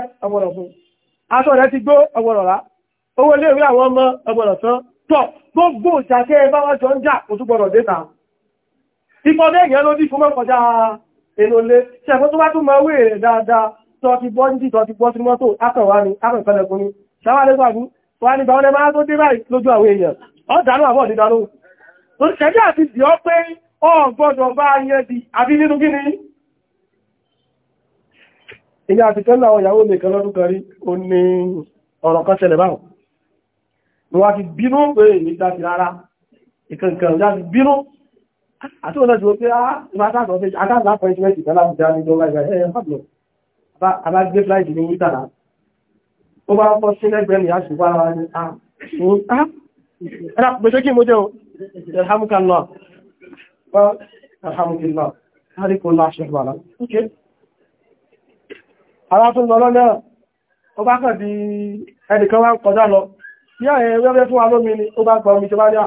ọgbọ̀rọ̀ àwọn ọmọ ọgbọ̀rọ̀ tán tọ̀ gbogbo ìjàkẹ́ bá ń jà kò túbọ̀rọ̀ dé ta ìfọdé ìyẹn ló dí fún mọ́kànjá inú ilé ṣẹ̀fọ́ tó bá tún máa wé rẹ̀ dáadáa tó ti bọ́ ní títọ́ ti bọ́ sí mọ́tò akọ̀wá ni akọ̀kọ̀lẹ̀kùn ni ṣáwálẹ́gbà fún wá ní bàwọn ẹbá tó dé báyìí lójú àwọn èèyàn ọ dánú àbọ̀ ní dánú tó ṣẹjẹ́ àti dì ọ́ pé ọ gbọ́dọ̀ bá yẹ di àbí nínú gíní ìyá àti tẹ́lá àwọn ìyàwó nìkan lọ́dún kan rí ó ní ọ̀rọ̀ kan ṣẹlẹ̀ báwọn wọ́n ti bínú pé ìdájí rárá ìkankan láti bínú àti wọ́n lọ́jọ́ pé àtàzà appointment ìtàlá ìjà ní ìjọba ìgbà ẹ̀ ọ̀pọ̀ àbágbé flight ní ìtàlá ó bá fọ́ sí lẹ́gbẹ̀ẹ́ mi àṣùgbà ara ní àà ah, pèsè ah, kí mo jẹ́ o alhamdulillah alhamdulillah alhamdulillah ṣẹ̀gbàlá ok ara tún lọ lọ́nà ó bá kàn bí ẹnìkan wá ń kọjá lọ yá ẹ̀ wẹ́wẹ́ fún wa lómi ni ó bá gbọ́ omi tó bá ní à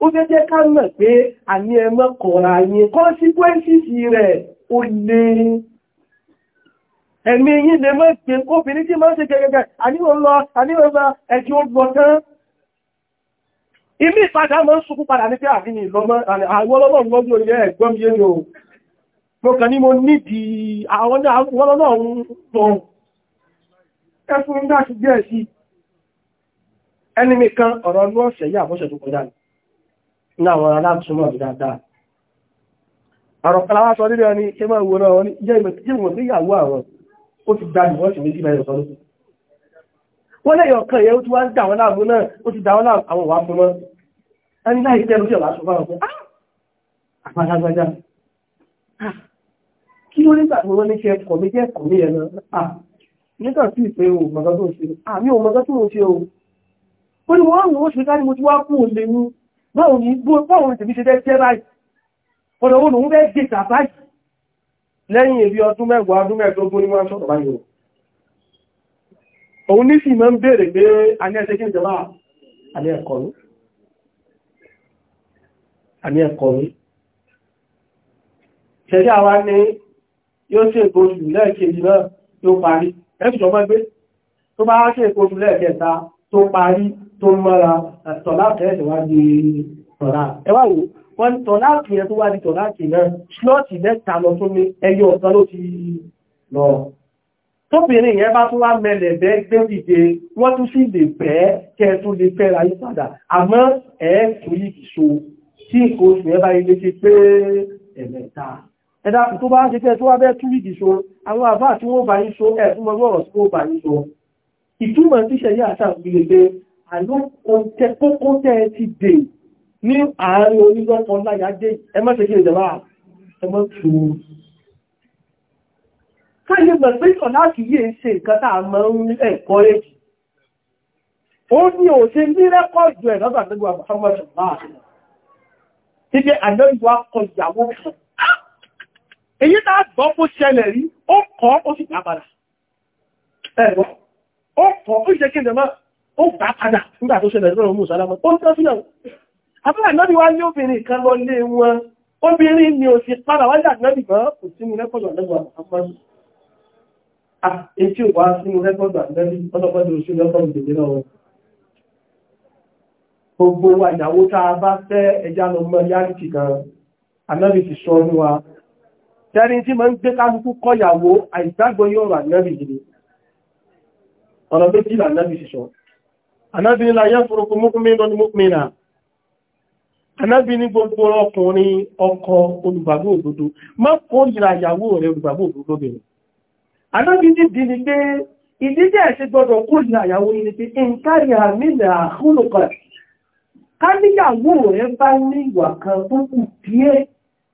ó ka jẹ́ pe mọ̀ pé àní ẹmọ́ kọ̀ọ̀rọ̀ àyín kọ́nsíkwẹ́nsìsì ẹ̀mí yìí lè mọ́ pé obìnrin tí máa ń ṣe gẹ́gẹ́gẹ́ àníwọ̀lọ́ àníwọ̀lọ́ ẹ̀kí ó tán ilé ìpadà mọ́ ń sunkún padà ní pé àfihàn ìlọ́mọ́ àwọn ẹ̀gbọ́n ni o ní mo nídìí àwọn ọlọ́mọ́ láwọn aláàtúmọ̀ dáadáa àrọ̀kọ̀láwà sọ nílẹ̀ ni ṣe máa wòrán wọn jẹ́ ìwọ̀n tó yàwó àwọn ó ti dá ìwọ̀n sí méjì sọ́lọ́pù wọ́n lẹ́yọ̀ kan yẹ ó ti wá ń dáwọn láàmú náà ó ti dáwọn àwọn wà fún wọn báwọn ní gbó báwọn tèmi ṣe fẹ́ jẹ́ báyìí ọ̀dọ̀ wọn lòun fẹ́ gé tàbáyì lẹ́yìn èrí ọdún mẹ́wàá ọdún mẹ́ẹ̀ẹ́dógún ní wọ́n sọ̀rọ̀ báyìí òun ní sì máa ń béèrè pé anẹ́ẹ̀ṣẹ́ kí ìjọba anẹ́ẹ̀kọ̀rú ṣẹ̀dá wa ní yóò ṣe ìgbóṣù lẹ́ẹ̀kejì náà yóò parí ẹ̀ṣùjọba gbé tó bá ṣe ìgbóṣù lẹ́ẹ̀kẹta tó parí tó mọ́ra tọ̀láàkì ẹ̀ṣẹ̀ wá di tọ̀lá ẹwà wò wọ́n tọ̀láàkì ẹ̀ tó wá di tọ̀láàkì náà ṣlọ́ọ̀tì mẹ́ta lọ tó ní ẹyọ ọ̀tán ló ti lọ tóbìnrin yẹn bá tún wá mẹ́lẹ̀ bẹ́ gbé dìde wọ́n tún sì lè bẹ́ kẹ́ tó lè fẹ́ ra yípadà àmọ́ ẹ̀ẹ́sùn yìí kì so tí nǹkan oṣù yẹn bá ilé ṣe pé ẹ̀mẹ́ta ẹ̀dàkùn tó bá ń ṣe kẹ́ tó wá bẹ́ tún yìí kì so àwọn àbá àti wọ́n bá yín so ẹ̀ẹ́sùn mọ́ ọ̀rọ̀ tí wọ́n bá yín so ìtumọ̀ tí ṣẹ̀yà àtàbílẹ̀ pé àlókòókò tẹ́ ti dè ní àárín onílọ́pọ̀ láyá dé ẹmọ́ ṣe kí ìjọba ẹmọ́ tù ú káyé mọ̀ pé kọ̀ láti yé ṣe nǹkan tá a mọ́ ń ẹ̀kọ́ èjì ó ní ò ṣe ní rẹ́kọ̀ọ̀dù ẹ̀ lọ́gbà tó gbà Muhammad Shabbat ti jẹ́ àlọ́yìnwá kọ ìyàwó èyí tá a gbọ́ kó ṣẹlẹ̀ rí ó kọ́ ó sì dábàrà ẹ̀rọ ó pọ̀ ó jẹ́ kí ìjọba ó bá padà nígbà tó ṣẹlẹ̀ lọ́rọ̀ mú sálámọ́ ó tọ́ sílẹ̀ àbúrà náà wá ní obìnrin kan lọ lé wọn obìnrin ni ò sí padà wá jà náà nìkan kò sí mú rẹ́kọ̀dù àlẹ́gbà àpapọ̀ ah, etí ò wá sí mú rẹ́kọ̀dù àlẹ́gbà ọlọ́pọ̀dù sí rẹ́kọ̀dù tèmi náà wọn gbogbo wa ìyàwó tá a bá fẹ́ ẹja lọ mọ yáàrìtì kan ànábì ti sọ ọdún wa tẹ́rin tí mo ń gbé kálukú kọ́ ìyàwó àìgbàgbọ́ yóò rà náà ọ̀nà méjìlá náà ṣiṣọ́ anábìnilá yẹ́ fúrukú múkúmínà ní múkúmínà anábìní gbogbo ọkùnrin ọkọ olùgbàgbọ́ òdodo má kó ìrà ìyàwó rẹ̀ olùgbàgbọ́ òdodo bẹ̀rẹ̀ ni dì ní pé ìdíjẹ́ ẹ̀ṣẹ́ gbọdọ̀ kó ìrà ìyàwó ni pé nkárí àmìlẹ̀ àhúnùkọ̀ ká níyàwó rẹ̀ bá ní ìwà kan tó kù díẹ̀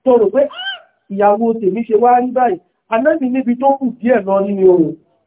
tọrọ pé ah, ìyàwó tèmi ṣe wá rí báyìí anábìní ibi tó kù díẹ̀ lọ nínú oòrùn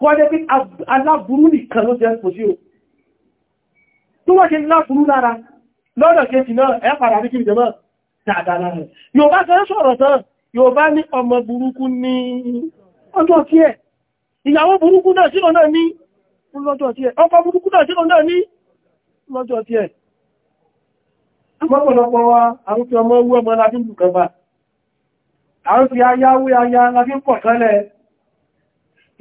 kọ́ jẹ́ pé aláburú nìkan ló jẹ́ pòsí o tó wọ́n ṣe láburú lára lọ́dọ̀ ṣe ti náà ẹ padà rí kí ìjọmọ́ dáadáa lára yóò bá sọ sọ̀rọ̀ tán yóò bá ní ọmọ burúkú ní ọjọ́ tí ẹ̀ ìyàwó burúkú náà sínú náà ní lọ́jọ́ tí ẹ̀ ọkọ burúkú náà sínú náà ní lọ́jọ́ tí ẹ̀ mọ́pọ̀lọpọ̀ wa àwọn fi ọmọ owó ọmọ lábí ń bá àwọn fi ayáwé ayá lábí pọ̀ kánlẹ̀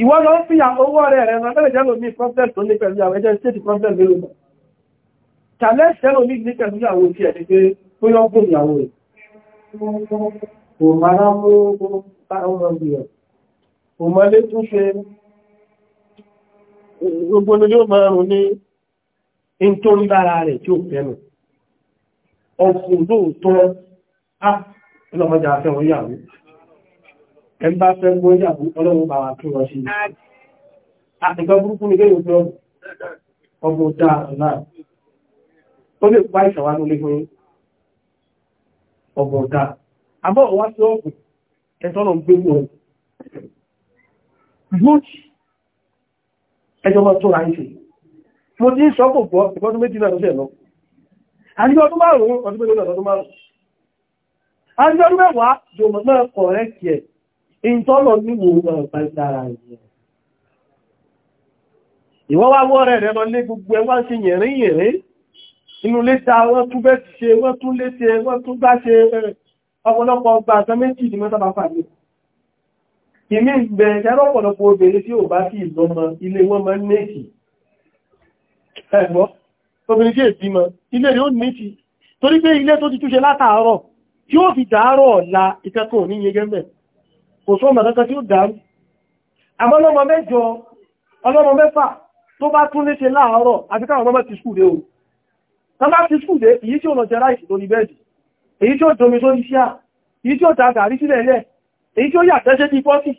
ìwọ lọ ń fíyà owó rẹ̀ rẹ̀ rẹ̀ lẹ́lẹ̀ jẹ́lò ní prophet tó ní pẹ̀lú àwọn ẹjẹ́ state prophet lórí mọ̀. challenge jẹ́lò ní ní pẹ̀lú àwọn òfin ẹ̀ pé tó yọ gùn ìyàwó rẹ̀ kò mara mú ọmọ ìyàn kò mọ́ lé tún ṣe gbogbo ní yóò márùn ní nítorí lára rẹ̀ tí ó fẹ́nu ọkùn lóòótọ́ á ọlọ́mọdé afẹ́ wọn yàwó ẹmbá fẹ́ gbọ́ ìyàwó ọlọ́run bá wà tún lọ sí burúkú ní kéyìn tó ọmọ dáa náà lè pa ìṣàwà ló lé ọmọ dáa àbọ́ ọwá sí ọ̀pù ẹ̀tọ́nà ń ọdún márùn-ún ọdún mẹ́wàá jọmọ̀ náà ìntọ́lọ̀ níwò ọ̀pá ìdára ìyẹn ìwọ́n wá wọ́ rẹ̀ rẹ̀ lọ lé gbogbo ẹwà ṣe yẹ̀rín yẹ̀rín inú lé ta wọ́n tún bẹ́ ti ṣe wọ́n tún lé ṣe wọ́n tún gbá ṣe ọ̀pọ̀lọpọ̀ ọgbà àtọ́ méjì ní mẹ́ta bá pàdé ìmí ìgbẹ̀ ẹ̀rọ ọ̀pọ̀lọpọ̀ obìnrin tí ò bá sí ìlọ́mọ ilé wọn máa ń nẹ́ẹ̀kì ẹ̀gbọ́ obìnrin tí èdí mọ ilé rẹ̀ ó nẹ́ẹ̀kì torí pé ilé tó ti túnṣe látàárọ̀ tí ó fi dàárọ̀ ọ̀la ìkẹ́kọ̀ọ́ ní yẹgẹ́mẹ̀ẹ́ kò sọ ọmọ kankan tí ó dáa àmọ́ ọlọ́mọ mẹ́jọ ọlọ́mọ mẹ́fà tó bá tún léṣe láàárọ̀ àti káwọn ọmọ ti skúl o tán bá ti skúl èyí tí ó lọ jẹ ráìsì lórí bẹ́ẹ̀dì èyí tí ó domi sórí síà èyí tí ó ta gàrí sílẹ̀ ilẹ̀ èyí tí ó yàgbẹ́ sí ti pọ́sì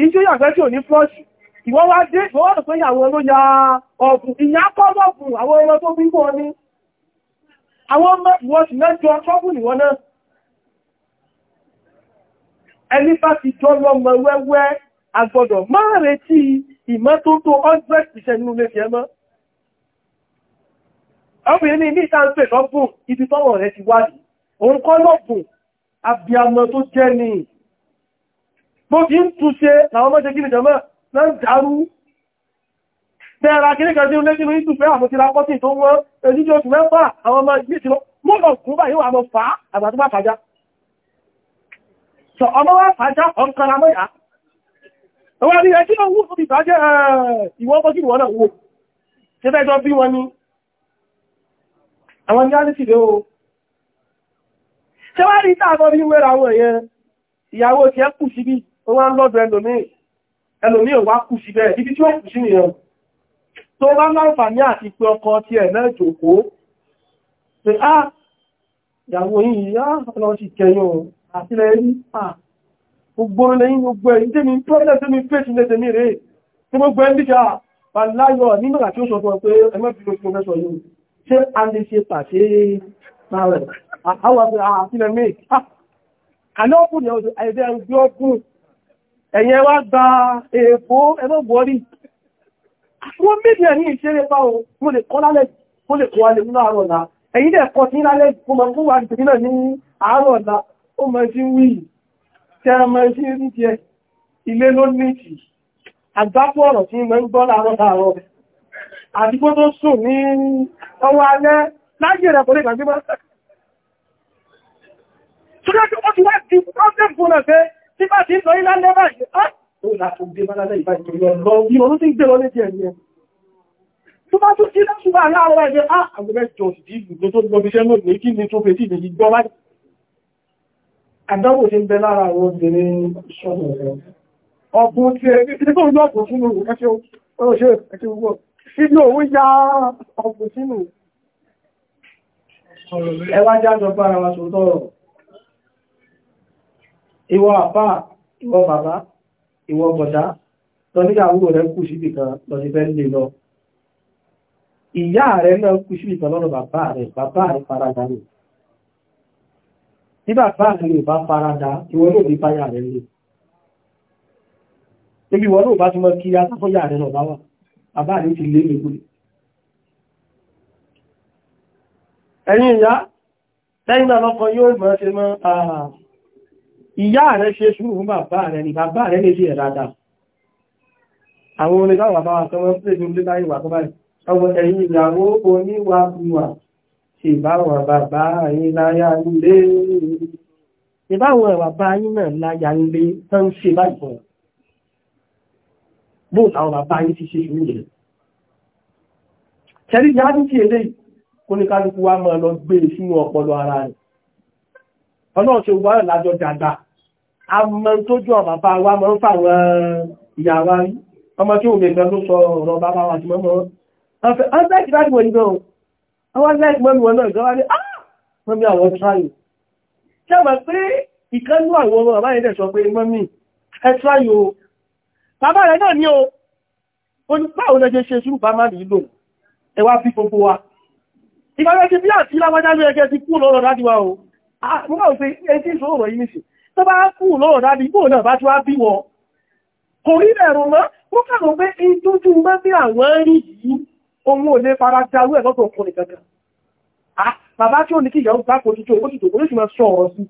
èyí tí ó yàgbẹ́ sí òní flọ́ọ̀sì ìwọ́n wá dé ìwọ́n rò pé àwọn ló ya ẹni bá ti jọ lọ́mọ wẹ́wẹ́ agbọ́dọ̀ máa retí ìmọ́tótó 100% nínú ilé fi ẹmọ́ ọbìnrin ní ìtàǹpẹ̀ lọ́gbùn ibi tọ́wọ̀ rẹ̀ ti wáyìí òun kọ́ lọ́gbùn àbíamọ tó jẹ́ ni bó ti ń túnṣe làwọn mọ́jẹ́ kí nìjọmọ́ náà ń dárú tẹ́ra kí nìkan tí ó lẹ́gbìn ní ìtùfẹ́ àmọ́tí lápọ́tì tó wọ́n èdíjọ́ oṣù mẹ́fà àwọn ọmọ ìgbésí lọ mọ́lọ̀ kúrò yóò àmọ́ fà á àgbàtúgbà fàjá sọ ọmọ wá pàjá ọ̀nkara mọ́yà ọwọ́ rí ẹjí ọwọ́ fún ìbájẹ́ ìwọ́n bọ́ sílùwọ́n náà wò ṣe fẹ́ bí wọn ni àwọn ní alìsì lé o ṣe wá rí tààbọ̀ bí wẹ́ra àwọn èèyàn ìyàwó ti ẹ́ kù síbí wọ́n lọ́dọ̀ ẹlòmíì ẹlòmíì ò wá kù síbẹ̀ ibi tí ó kù sí nìyàn tó bá láǹfààní àti pé ọkọ ah, ìyàwó yìí á ọlọ́sì kẹyìn àtílẹ̀ rí gbogbo lẹ́yìn gbogbo ẹ̀yìn tí mi problem tí mi fèsì tí mo gbẹ́ ń díkà pàláyọ̀ nínú àti ó sọ fún ọ ndị a ẹgbẹ́ ẹ̀yìn sí fún ní àárọ̀ ó mọ̀ sí wí tẹ́ ọmọ sí rí jẹ ilé ló nìtì àgbápọ̀ ọ̀rọ̀ tí mọ̀ ń gbọ́ láàárọ̀ láàárọ̀ àti kó tó sùn ní ọwọ́ alẹ́ láyé rẹ̀ kò lè kàgbé mọ́ Ṣúgbọ́n ó ti wá di problem fún ọ̀fẹ́ tí bá ti ń sọ ilá lẹ́bà yìí, á! Ó làtò gbé bá lálẹ́ ìbáyìí lọ, ìrọ̀lú tí ń gbé lọ létí ẹ̀yìn ẹ̀ tó bá tó kí lọ́sùgbà láàárọ̀ ẹgbẹ́ àgbẹ̀mẹ́jọ ìdí ìgbò tó gbọ́bíṣẹ́ náà ní kí ni tó fẹ́ sí ìdí gbọ́ láti àdánwò ti ń bẹ lára àwọn obìnrin ṣọ́nà rẹ̀ ọkùn tí ẹni tí ó lọ́pùn sínú ẹ̀ṣẹ́ oṣe gbogbo inú òun ya ọkùn sínú ẹwà jájọ bára wa sọ́tọ́rọ̀ ìwọ àpá ìwọ bàbá ìwọ bọ̀dá lọ níyàwó rẹ̀ kù síbì kan lọ sí fẹ́ lè lọ ìyá rẹ̀ náà kù síbì kan lọ́nà bàbá rẹ̀ bàbá rẹ̀ faradà rẹ̀ nígbà bá àrẹ bá farada ìwọ ló bí báyà rẹ̀ lè níbi ìwọ ló bá túnmọ́ kí atáfọ́yà rẹ̀ lọ bá wà àbá rẹ̀ ti lé lè gúlẹ̀ ẹ̀yìn ìyá lẹ́yìn náà lọ́kọ yóò mọ́ ṣe mọ́ àà ìyá rẹ̀ ṣe sùúrù fún bàbá rẹ̀ ní bàbá rẹ̀ lè ṣe ẹ̀ dáadáa àwọn onígbà wà ìbáwọn bàbá yín náà láyá ń lé tó ń ṣe báyìí bóò táwọn bàbá yín ti ṣe ṣe nílẹ̀ ṣẹ́rí ìyá ní ti èlé kóníkálukú wá máa lọ gbé e sínú ọpọlọ ara rẹ̀ ọlọ́run ṣe wọ́n lájọ dàgbà a mọ́ tójú ọ̀bà bá wá mọ́ fàwọn ìyá àwọn láìpẹ́ mọ́mí wọn náà gọ́wà ní ah! mọ́mí àwọn tíráyù ṣẹ́bà pé ìkánú àwọn ọmọ àbáyé dẹ̀ sọ pé mọ́mí ẹ tíráyù o bàbá rẹ̀ náà ní o onípàá lẹ́jẹ́ ṣe ṣúrù bá máa nílò ẹwà fi gbogbo wa ìgbàgbẹ́ ti bí àti láwájá ló ẹgẹ́ ti kú lọ́rọ̀ dádì wa o mọ́ ò pé ẹjí ìṣòro yìí nìṣẹ́ tó bá kú lọ́rọ̀ dádì bó náà bá tí wá bí ohun ò lè fara darú ẹ̀ lọ́tọ̀ ọkùnrin kankan bàbá tí ó ní kí ìyàwó bá kò títò ó títò oríṣìí máa sọ ọ̀rọ̀ sí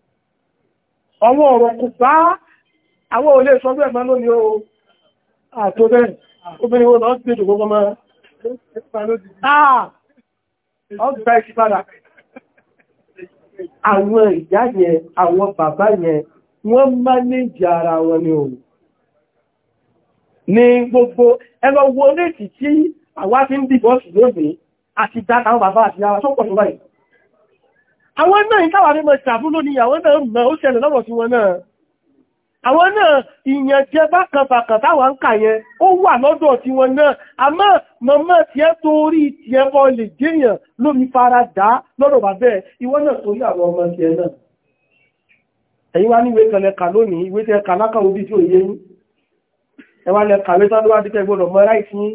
ọwọ́ ọ̀rọ̀ kò bá àwọn olè sọ ẹ̀mọ́ lónìí o àtò obìnrin wọn lọ́ọ́ gbèjò gbogbo mọ́ ọgbà àwọn ìyá yẹn àwọn bàbá yẹn wọ́n wọn ni ní gbogbo àwa tí ń dìbọ́sù lóògbé àti dáta àwọn bàbá àti ara sọ́pọ̀ tó báyìí àwọn náà ń káwà mímọ̀ ìtàbú lónìí àwọn náà mọ̀ ó ṣẹlẹ̀ lọ́rọ̀ sí wọn náà àwọn náà ìyànjẹ bákanbàkan táwọn ń kà yẹn ó wà lọ́dọ̀ tí wọn náà àmọ́ mọ̀mọ́ tí ẹ torí tí ẹ bọ́ lè jẹ́yàn ló fi fara dá lọ́dọ̀ bàbẹ́ ìwọ náà torí àwọn ọmọ tí ẹ náà ẹ̀yin wá níwé kan lẹ́ka lónìí ìwé tẹ́ ka lákàwọ́ bí tí ò yé yín ẹ wá lẹ́ka lẹ́ta ló wá dípẹ́ gbọ́dọ̀ mọ́ ráìtì yín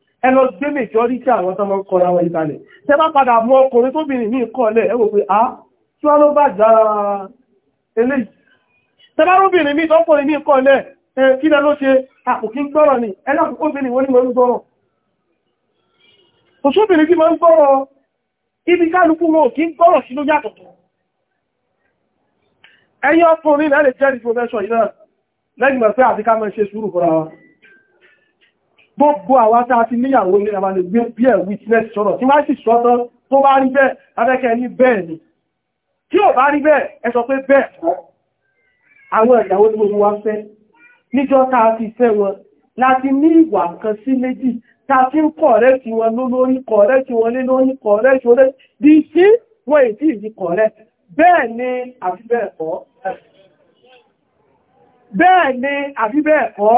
ẹlọ gbé mẹjọrítì àwọn tó máa kọra wọn ìtàlẹ̀ tẹ bá padà mọ ọkùnrin tó bìnrin míì kọlẹ̀ ẹwọ pé a ah, tí wọ́n ló bá já eléyìí tẹ bá rúbìnrin míì tọ́kùnrin míì kọlẹ̀ eh, kí lẹ ló ṣe àpòkí ah, ń gbọ́rọ̀ ni ẹlọ́pùpọ̀ obìnrin wọ́n ní wọ́n ń gbọ́rọ̀ òṣùbìnrin tí máa ń gbọ́rọ̀ ibi kálukú wọn ò kí ń gbọ́rọ̀ sí ló yàtọ̀tọ̀ ẹ̀yin ọkùnrin náà lè jẹ́rìí professor yìí náà lẹ́yìn mọ̀ pé àti ká máa ṣe sùúrù fúnra wa gbogbo àwa tá a ti níyàwó ní àwọn bí ẹ̀ witness sọ̀rọ̀ tí wọ́n sì sọ́tọ́ tó bá rí bẹ́ẹ̀ abẹ́kẹ́ ní bẹ́ẹ̀ ni tí ò bá rí bẹ́ẹ̀ ẹ sọ pé bẹ́ẹ̀ kọ́ àwọn ìyàwó tí gbogbo wa fẹ́ níjọ́ tá a ti fẹ́ wọn láti ní ìwà kan sí méjì tá a ti ń kọ̀rẹ́tì wọn lórí kọ̀rẹ́tì wọn lé lórí kọ̀rẹ́tì wọn lé bí sí wọ́n èdè ìdí kọ̀rẹ́tì bẹ́ẹ̀ ni àfi bẹ́ẹ̀ kọ́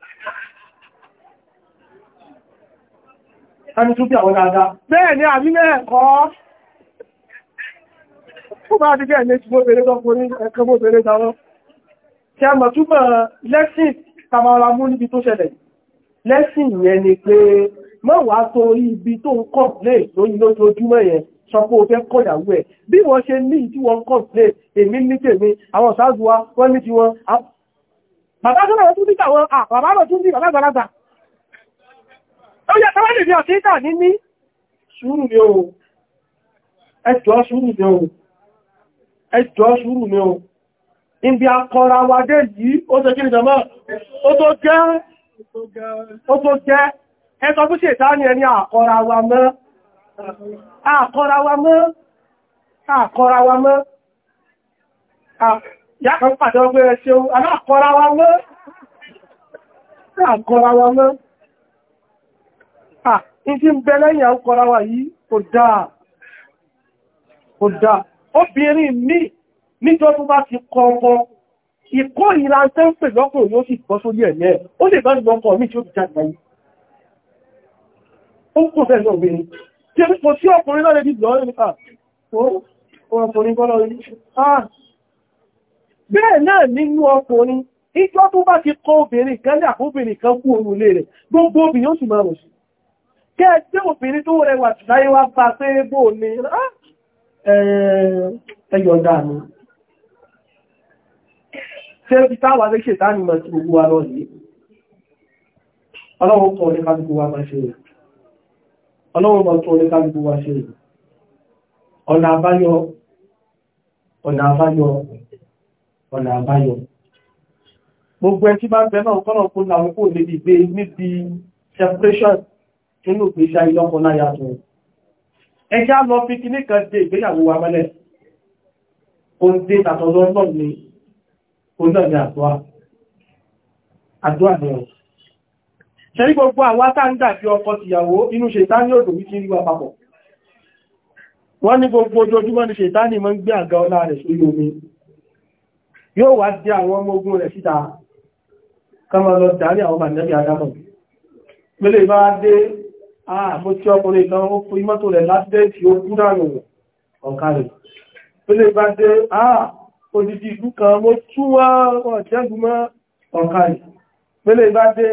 ẹni tó bí àwọn dáadáa bẹ́ẹ̀ ni mẹ́ẹ̀kọ́ ó bá ti bẹ́ẹ̀ méjì mọ́bẹ̀rẹ̀ tó fún ẹkẹ mọ́bẹ̀rẹ̀ dáwọn kí a mọ̀ túnmọ̀ lẹ́sìn tamara mú níbi tó ṣẹlẹ̀ lẹ́sìn yẹn ni pé mọ́wàá tó rí ibi tó ń complain ó yẹ tọ́wọ́ lè ní ọ̀sẹ̀ ìtà ní ní sùúrù ní o ẹjọ́ sùúrù ní o ẹjọ́ sùúrù ní o ibi akọra wa dé yìí ó tẹ́ kí ni jọmọ́ ó tó jẹ́ ẹ̀tọ́ fún ṣètà ní ẹni àkọra wa mọ́ àkọra wa mọ́ àkọra wa mọ́ ìyá kan pàdé ọgbẹ́ ẹ̀ṣẹ́ o wa mọ́ àkọra wa mọ́ ah ìdí ń bẹ lẹ́yìn àkọ́ra wa yìí kò dáa kò dáa obìnrin ní níjọ́ tó bá ti kọ ọkọ ìkọ́ ìlà tẹ́ ń pè lọ́kùn yóò sì bọ́ sórí ẹ̀mí ẹ̀ ó lè bá nìgbọ́n kan mí tí ó ti jáde láyé ó kò fẹ́ lọ obìnrin tí ó sí ọkùnrin náà lè dìbò ọ́rẹ́ nípa ọkùnrin bọ́lọ́ rí bẹ́ẹ̀ náà nínú ọkùnrin ìjọ́ tó bá ti kọ obìnrin kan lẹ́ àkóbìnrin kan kú orùlé rẹ̀ kí ẹ tí obìnrin tó rẹwà láyé wá bá pé bó ní ah, ẹyọ̀dá mi tí ó fi táwà lé ṣe dánimọ̀ tí gbogbo wa lọ́rí ọlọ́run kọ̀ ní kálùkù wa máa ṣe rẹ̀ ọlọ́run mọ̀ tó ní kálùkù wa ṣe rẹ̀ ọ̀nà àbáyọ ọ̀nà àbáyọ ọ̀nà àbáyọ gbogbo ẹ tí bá ń bẹ náà kọ́nà kó làwọn kò lè inú ìgbésí ayé lọ́kọ láya tó ẹjá lọ fi kí ní kan dé ìgbéyàwó wa mẹ́lẹ̀ o ń dé tàtọ̀lọ́ náà ni o náà ni àdúrà àdúrà ni ọ̀ ṣe ní gbogbo àwọn atáńdà bí ọkọ tìyàwó inú ṣètánì òdò wí kí rí wa papọ̀ wọ́n ní ni ṣètánì máa ń gbé àga ọlá rẹ̀ sórí omi yóò wá sí àwọn ọmọ ogun rẹ̀ síta ìbára dé ààbò ah, tí ọkùnrin kan ó fún imọ́tò rẹ̀ lásìdẹ́ẹ̀tì ó kú dànù ọ̀ká rẹ̀ tó lè bá dé àà ah, odidi ìlú kan mo tún wá ọ̀jẹ́gun mọ́ ọ̀ká rẹ̀ tó lè bá dé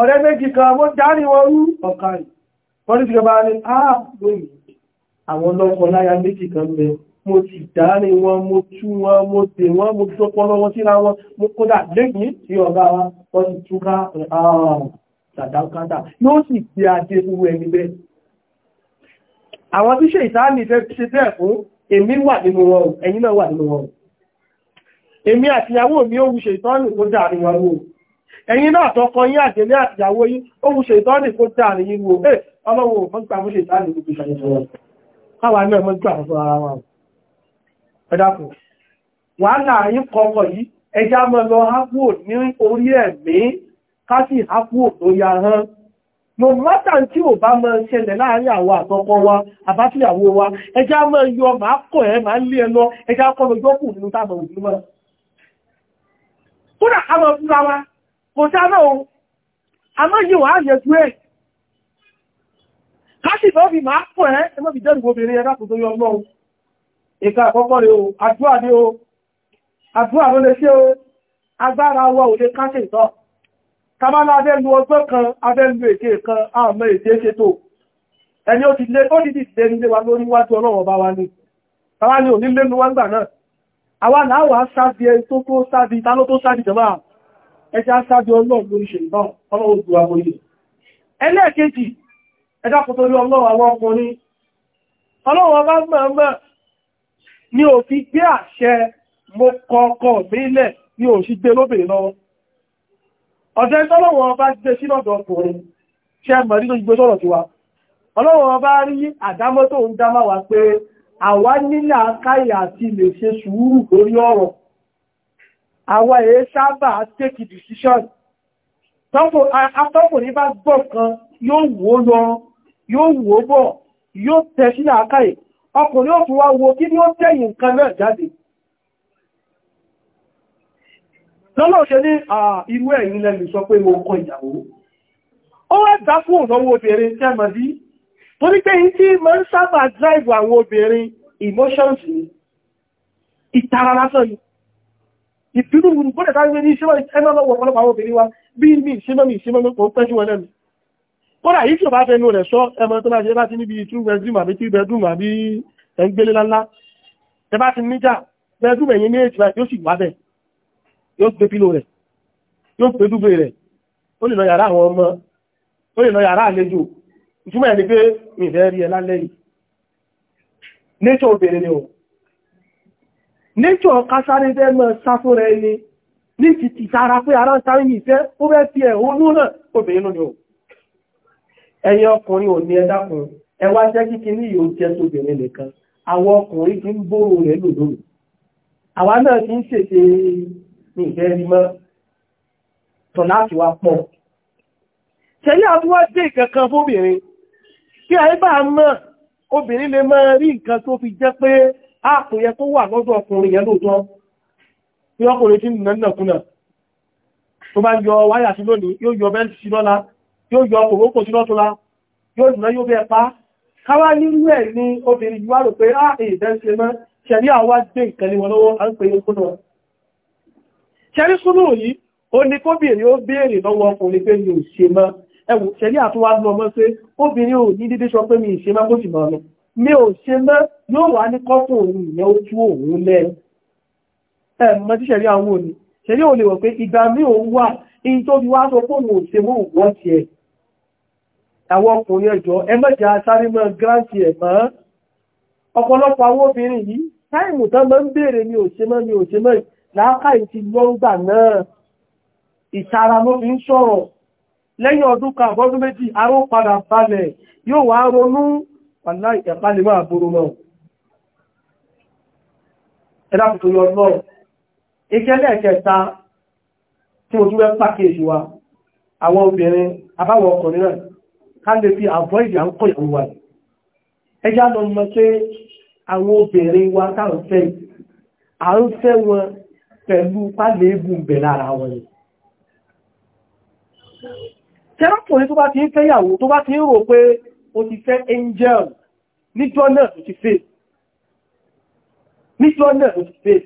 ọ̀rẹ́ méjì kan mo dárí wọn rú ọ̀ká rẹ̀ ah, àwọn lọ́kọ láya méjì kan bẹ mo ti dárí wọn mo tú wọn mo tè wọn mo tọpọ lọ́wọ́ síra wọn mo kódà lẹ́yìn tí ọ̀gá wa wọ́n ti ààrùn tàdákántà yóò sì pé ajé irú ẹni bẹ́ẹ̀. àwọn tí ṣe ìsáàmì fẹ́ ṣe bẹ́ẹ̀ fún èmi wà nínú wọn o ẹ̀yin náà wà o èmi àtìyàwó mi ó wùṣe ìtọ́nì kó wọn o ẹ̀yin náà tọkọ yín àtẹ̀lé àtìyàwó yín ó wùṣe ìtọ́nì kó dáàrin yín wo ẹ̀ ọlọ́wọ́ fún gbà ṣe ìsáàmì gbogbo wọn gbà fún ara wọn wàhálà yín kọkọ yìí lọ hápò ní orí kásì hápù tó ya no matter tí ò bá mọ́ ṣẹlẹ̀ láàrin àwọn àtọkọ wa àbáfíyàwó wa ẹjá mọ́ yọ máa kọ̀ ẹ́ máa lé ẹnà ẹjá kọ́ lọ yọ́kù nínú tábọ̀ òjú mọ́ kódà a mọ̀ wa kò sára ohun a mọ́ wà yẹ tú ẹ̀ káṣì bọ́ fi máa pọ̀ ẹ́ ẹmọ́ fi dẹ́rù obìnrin ẹ̀dá tàbálá abẹ́lu ọgbọ́n kan abẹ́lu èké kan àmọ́ èké ṣètò ẹni ó ti lé ó ti dìde nílé wa lórí wájú ọlọ́run ọba wa ní tàbá ní òní lẹ́nu wá ń gbà náà àwa láwàá sáàbí ẹni tó tó sáàbí ta ló tó sáàbí jọba ẹjá sáàbí ni ò fi gbé àṣẹ ni ò sì gbé ọ̀sẹ̀ tọ́lọ́wọ́ bá gbé sí lọ́dọ̀ ọkùnrin ṣe mọ̀rí tó gbé sọ́rọ̀ tí wa ọlọ́wọ́ bá rí àdámọ́ tó ń dámá wa pé àwa nílà káyà àti lè ṣe sùúrù lórí ọ̀rọ̀ àwa èé sábà take decision atọ́kùnrin bá gbọ́ kan yóò wò lọ yóò wò bọ̀ yóò tẹ̀ sí làákàyè ọkùnrin ó fi wá wo kí ni ó tẹ̀yìn nǹkan náà lọ́lọ́ ṣe ní irú ẹ̀yìn lẹ́lù sọ pé mo kọ ìyàwó ó wá dákú ọ̀sọ́wọ́ obìnrin tẹ́mọ̀ bí torí pé yí tí ma ń sábà drive àwọn obìnrin emotions ni ìtara lásán ni ìpínú gbogbo bọ́dẹ̀ ní ìṣẹ́mọ̀ ìṣẹ́mọ̀ ọ̀pọ̀lọpọ̀ àwọn obìnrin wa bí yóò gbé pílò rẹ̀ yóò pé dúgbé rẹ̀ ó lè lọ yàrá àwọn ọmọ ó lè lọ yàrá àlejò ìtumọ̀ ẹni pé ìfẹ́ rí ẹ lálẹ́ yìí nature obìnrin ni o nature kásáré fẹ́ mọ́ sáfó rẹ̀ ni ní ti ti tara pé ara ń sáré yìí fẹ́ ó fẹ́ fi ẹ̀hónú náà obìnrin ni o ẹ̀yin ọkùnrin ò ní ẹ dákun ẹ jẹ́ kíkí ní yóò jẹ́ tóbìnrin nìkan àwọn ọkùnrin ti ń bóró rẹ̀ lòdòdò àwa náà ti ń ṣèṣe ní ìfẹ́ rí mọ́ wá pọ̀. tẹ́lẹ̀ àtúwá dé ìkankan fóbìnrin kí a bá mọ́ obìnrin lè máa rí nǹkan tó fi jẹ́ pé ààkò tó wà lọ́dọ̀ ọkùnrin yẹn lóòtọ́ tí ọkùnrin tí nànàkúnà tó bá yọ wáyà sí lónìí yóò yọ ṣẹ́rí súnú yìí ó ní kóbìnrin ó béèrè lọ́wọ́ ọkùnrin pé mi ò ṣe mọ́ ẹwù ṣẹ́rí àtúwá lọ mọ́ pé obìnrin ò ní dídé sọ pé mi ì ṣe mọ́ kó sì mọ́ lọ mi ò ṣe mọ́ yóò wá ní kọ́kùn òun ìyẹn ó tú òun lẹ́ ẹ̀ mọ́ tí ṣẹ̀rí àwọn òní ṣẹ̀rí ò lè wọ̀ pé ìgbà mi ò wà in tó fi wá sọ pé òun ò ṣe mọ́ òun tiẹ̀ àwọn ọkùnrin ẹjọ́ ẹ mọ́jà sáré mọ́ gíráǹtì ẹ̀ mọ́ ọ̀pọ̀lọpọ̀ àwọn obìnrin yìí táìmù tán mọ́ ń béèrè mi ò ṣe mọ́ mi ò ṣe mọ́ yìí láákàyè ti gbọ́ngbà náà ìtara ló fi ń sọ̀rọ̀ lẹ́yìn ọdún kan àbọ́dún méjì arọ́ padà balẹ̀ yóò wá ronú pàlá ìtẹ̀pálẹ̀ máa bóró náà ẹ̀dàkùtò yọ lọ́rọ̀ ìkẹ́lẹ̀ kẹta tí ojú rẹ̀ pàkèjì wa àwọn obìnrin àbáwọn ọkùnrin náà ká wa ẹjá lọ mọ́ pé àwọn obìnrin wa táà fẹ́ à wọn pẹ̀lú pálẹ́gùn bẹ̀ lára wọn yìí tẹ́rọ̀pùnrin tó bá ti ń fẹ́yàwó tó bá ti ń rò pé o ti fẹ́ angel níjọ́ náà tó ti fẹ́ níjọ́ náà tó ti fẹ́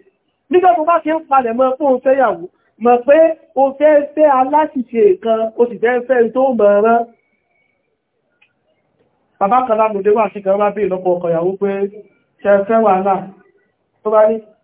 nígbà tó bá ti ń palẹ̀ mọ́ fún fẹ́yàwó mọ̀ pé o fẹ́ fẹ́ aláṣìṣe kan o sì fẹ́ fẹ́ tó mọ̀ràn bàbá kan lánàá lè wà sí kan bá bí ìlọ́pọ̀ ọkọ ìyàwó pé ṣe fẹ́ wà náà tó bá ní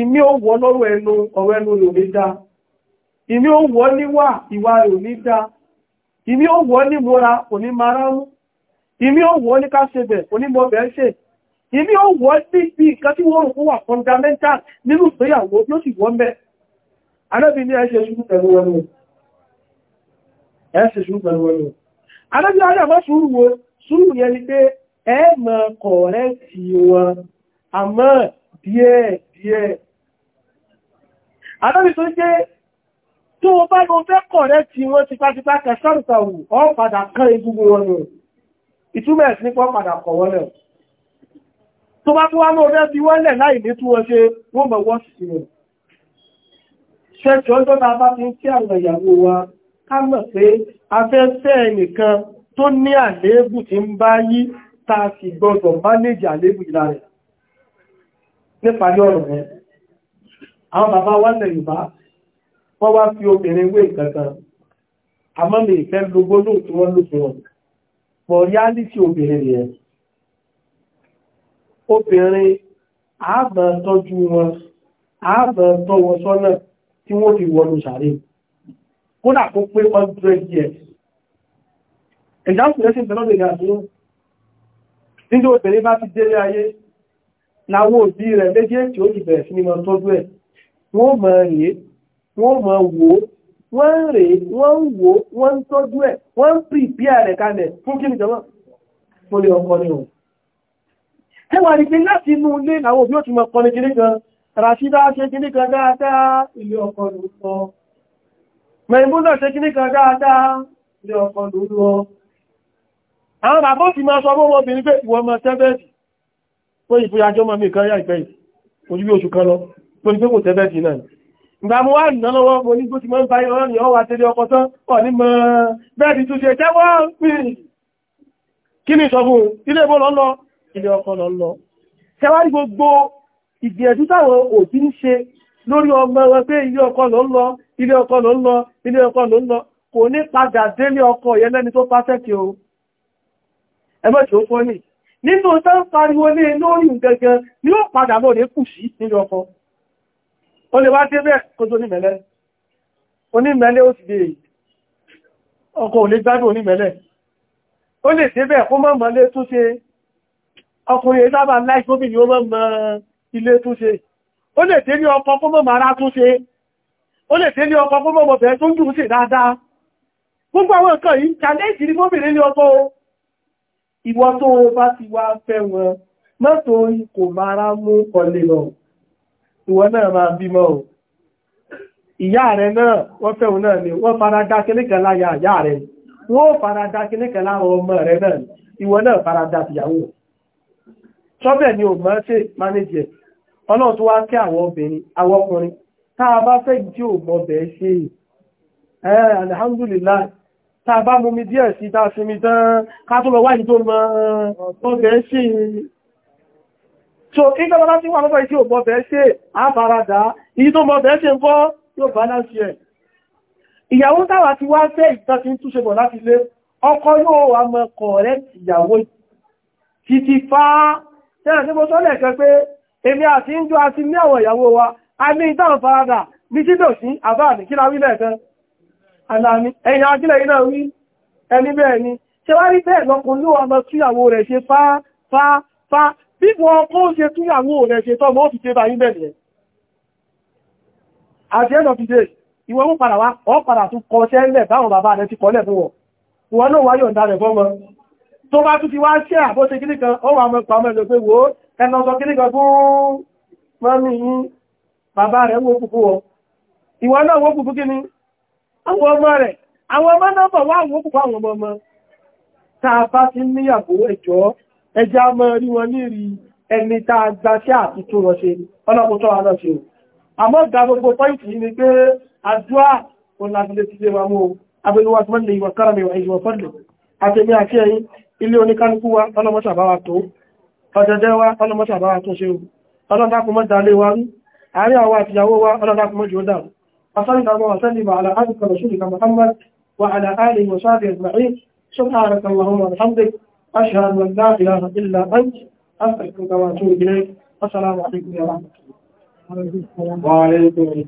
ìmí ó wọ́ lọ́rọ̀ ẹnu ọ̀rọ̀ ẹnu lò ní dá ìmí ó wọ́ níwà ìwà rò ní dá ìmí ó wọ́ ní múra òní maraun ìmí ó wọ́ ní káṣẹ́bẹ̀ onímọ̀bẹ̀ ṣe ìmí ó wọ́ sí bí nǹkan tí wọ́n rò wà fundamental nínú ìgbéyàwó yóò sì wọ́n mẹ́ anábì ní ẹṣẹ́ ṣúrú pẹ̀lú pẹ̀lú ẹnu ẹ mọ̀ kọ̀rẹ́ sí wọn àmọ́ àdọ́bì tó jẹ́ tó wọ́n bá gbọ́n fẹ́ kọ̀ rẹ̀ tí wọ́n ti pàtípá kẹsàrùsàwù ọ padà kán egungun wọn nù ìtumẹ̀ sí pọ́ padà kọ̀ wọ́n lẹ̀ tó bá tó wá mọ́ rẹ̀ bí wọ́n lẹ̀ láì ní tí wọ́n ṣe wọ́n mọ̀ wọ́n sì rẹ̀ ṣẹ́jọ́ tó bá fi ń kí àwọn ìyàwó wa ká mọ̀ pé afẹ́fẹ́ ẹnìkan tó ní àléébù tí ń bá yí ta sì gbọdọ̀ mánéjì àléébù ìlà rẹ̀ nípa ní ọ̀rọ̀ rẹ̀ àwọn bàbá wálẹ̀ Yorùbá wọ́n wá fi obìnrin wé ìkankan àmọ́ mi ìfẹ́ lógbó lóò tí wọ́n lófin wọn pọ̀ yálítì obìnrin rẹ̀ obìnrin ààbà tọ́jú wọn ààbà tọ́ wọn sọ́nà tí wọ́n fi wọnú sàárè kódà kó pé 100 years ìjáǹkùnrin sí ìbẹ̀lọ́dẹ̀ rẹ̀ méjèèjì ó wọ́n máa rèé wọ́n máa wò ó wọ́n ń rèé wọ́n ń wò ó wọ́n ń tọ́jú ẹ̀ wọ́n ń pìpíà rẹ̀ kalẹ̀ fún kí nìjọba tó lè ọkọ ní òun. ẹ wà pé láti inú ilé làwọn òbí ò ti mọ ọkọ ní kinní kan Rashida ṣe kinní kan dáadáa ilé ọkọ ló sọ Maimuna ṣe kinní kan dáadáa ilé ọkọ ló àwọn bàbá òsì máa sọ fún ọmọbìnrin pé ìwọ ọmọ sẹ́fẹ́ẹ̀sì ó ìfúyàjọ́ mọ́ mi kan yá ìfẹ́ ojú bí oṣù kan lọ lórí pé kò tẹ́bẹ̀ sí náà ìgbà mú wá nìna lọ́wọ́ mo ní gbóti mọ́ ń báyé ọ̀rọ̀ ni ọwà tẹ́lẹ̀ ọkọ̀ tán ọ̀ ní mọ́ bẹ́ẹ̀dì tó ṣe jẹ́wọ́ pìrì kí ni ìṣọ́fún ilé ìbò lọ́lọ́ ilé ọkọ̀ lọ́lọ́ tẹwárí gbogbo ìgbìyànjú táwọn òbí ń ṣe lórí ọmọ wọn pé ilé ọkọ̀ lọ́lọ́ ilé ọkọ̀ lọ́lọ́ ilé ọkọ̀ lọ́lọ́ kò ní padà délé ọkọ̀ yẹn lẹ́ni tó pásẹ́kì o ẹgbẹ́ tí ó fọ́ ní nínú tẹ́ ń pariwo lé e lórí gẹ́gẹ́ ni ó padà lọ́rẹ̀ kù sí nílé ọkọ̀ ó lè wá dé bẹ́ẹ̀ kó tó onímẹ̀lẹ́ onímẹ̀lẹ́ ó ti dé ọkọ̀ ò lè gbádùn onímẹ̀lẹ́ ó lè dé bẹ́ẹ̀ kó mọ́mọ́ lé tún ṣe ọkùnrin ìsábà láìsóbì ni ó mọ́mọ́ ilé tún ṣe ó lè dé ní ọkọ̀ kó mọ́mọ́ ara tún ṣe ó lè dé ní ọkọ̀ kó mọ́mọ́ bẹ̀ẹ́ tó ń jù sí dáadáa gbogbo àwọn nǹkan yìí challenge ni mọ́bìnrin ní ọkọ̀ ìwọ tó bá ti wá fẹ́ wọn mọ́tò ikò mara mú ọlẹ́ lọ́wọ́ ìwọ náà máa bímọ o ìyá rẹ náà wọ́n fẹ́hùn náà ni wọ́n fara dá kíníkà láyà ìyá rẹ. wọ́n fara dá kíníkà láwọn ọmọ rẹ náà ìwọ náà fara dá tìyàwó ṣọ́bẹ̀ ni ò mọ́ ṣe mánéjì ẹ̀ ọlọ́run tó wá kí àwọn obìnrin àwọn ọkùnrin tá a bá fẹ́ jí ò mọ bẹ̀ẹ́ ṣe ẹ̀ alhamdulillah tá a bá mú mi díẹ̀ sí tá a sinmi tán ká tó lọ wáyé tó mọ ọbẹ̀ ṣe so ìjọba láti wà lọ́gbà ìṣẹ́ òbọ̀ bẹ̀ẹ́ ṣe àfàradà ìyí tó mọ̀ bẹ̀ẹ́ ṣe ń kọ́ yóò bá náà ṣe ẹ̀ ìyàwó táwà ti wá fẹ́ ìtàn ti ń túnṣe bọ̀ láti lé ọkọ yóò wà mọ̀ kọ̀ọ̀rẹ́ ìyàwó títí fá tẹ́rẹ̀ tí mo sọ́lẹ̀ kẹ́ pé èmi àti ń jọ àti ní àwọn ìyàwó wa a ní ìtàn faradà ní títò sí àbá àmì kí láwí lẹ́ẹ̀kan alámi ẹ̀yìn akílẹ̀ iná wí ẹni bẹ́ẹ̀ bí wọ́n kó ṣe túyàwó rẹ̀ ṣe tọ́ mọ́ fi ṣe bá yí bẹ̀rẹ̀ at the end of the day ìwọ mú padà wá ọ padà tún kọ sẹ́lẹ̀ báwọn bàbá rẹ̀ ti kọlẹ̀ fún wọn wọn náà wáyọ̀ ń darẹ̀ fọ́mọ tó bá tún ti wá ṣẹ́ àbóṣe kíní kan ó wà mọ́pa mọ́ ẹ̀lọ́pẹ́ wo ẹnà sọ kíní kan fún mọ́mí yín bàbá rẹ̀ wó kúkú wọn ìwọ náà wó kúkú kíní àwọn ọmọ rẹ̀ àwọn ọmọ náà bọ̀ wá wó kúkú àwọn ọmọ ọmọ tá bá ti níyàwó ẹjọ́ ẹjá mọ́ rí wọn ní rí ẹni tá a gba sí àtútù wọn ṣe ọlọ́pọ̀ tó wà náà ṣe àmọ́ ìgbà gbogbo pọ́ìntì yìí ni pé àdúrà olábílé ti lè wà mú abẹ́lúwà tí wọ́n lè wà kára mẹ́wàá ìjọ fọ́dù àtẹ́mí àti ẹ̀yìn ilé oníkálukú wa ọlọ́mọ́sà bá wa tó ọjọ́jẹ́ wa ọlọ́mọ́sà محمد وعلى آله وصحبه أجمعين سبحانك اللهم وبحمدك أشهد أن لا إله إلا أنت أستغفرك وأتوب إليك السلام عليكم ورحمة الله وعليكم السلام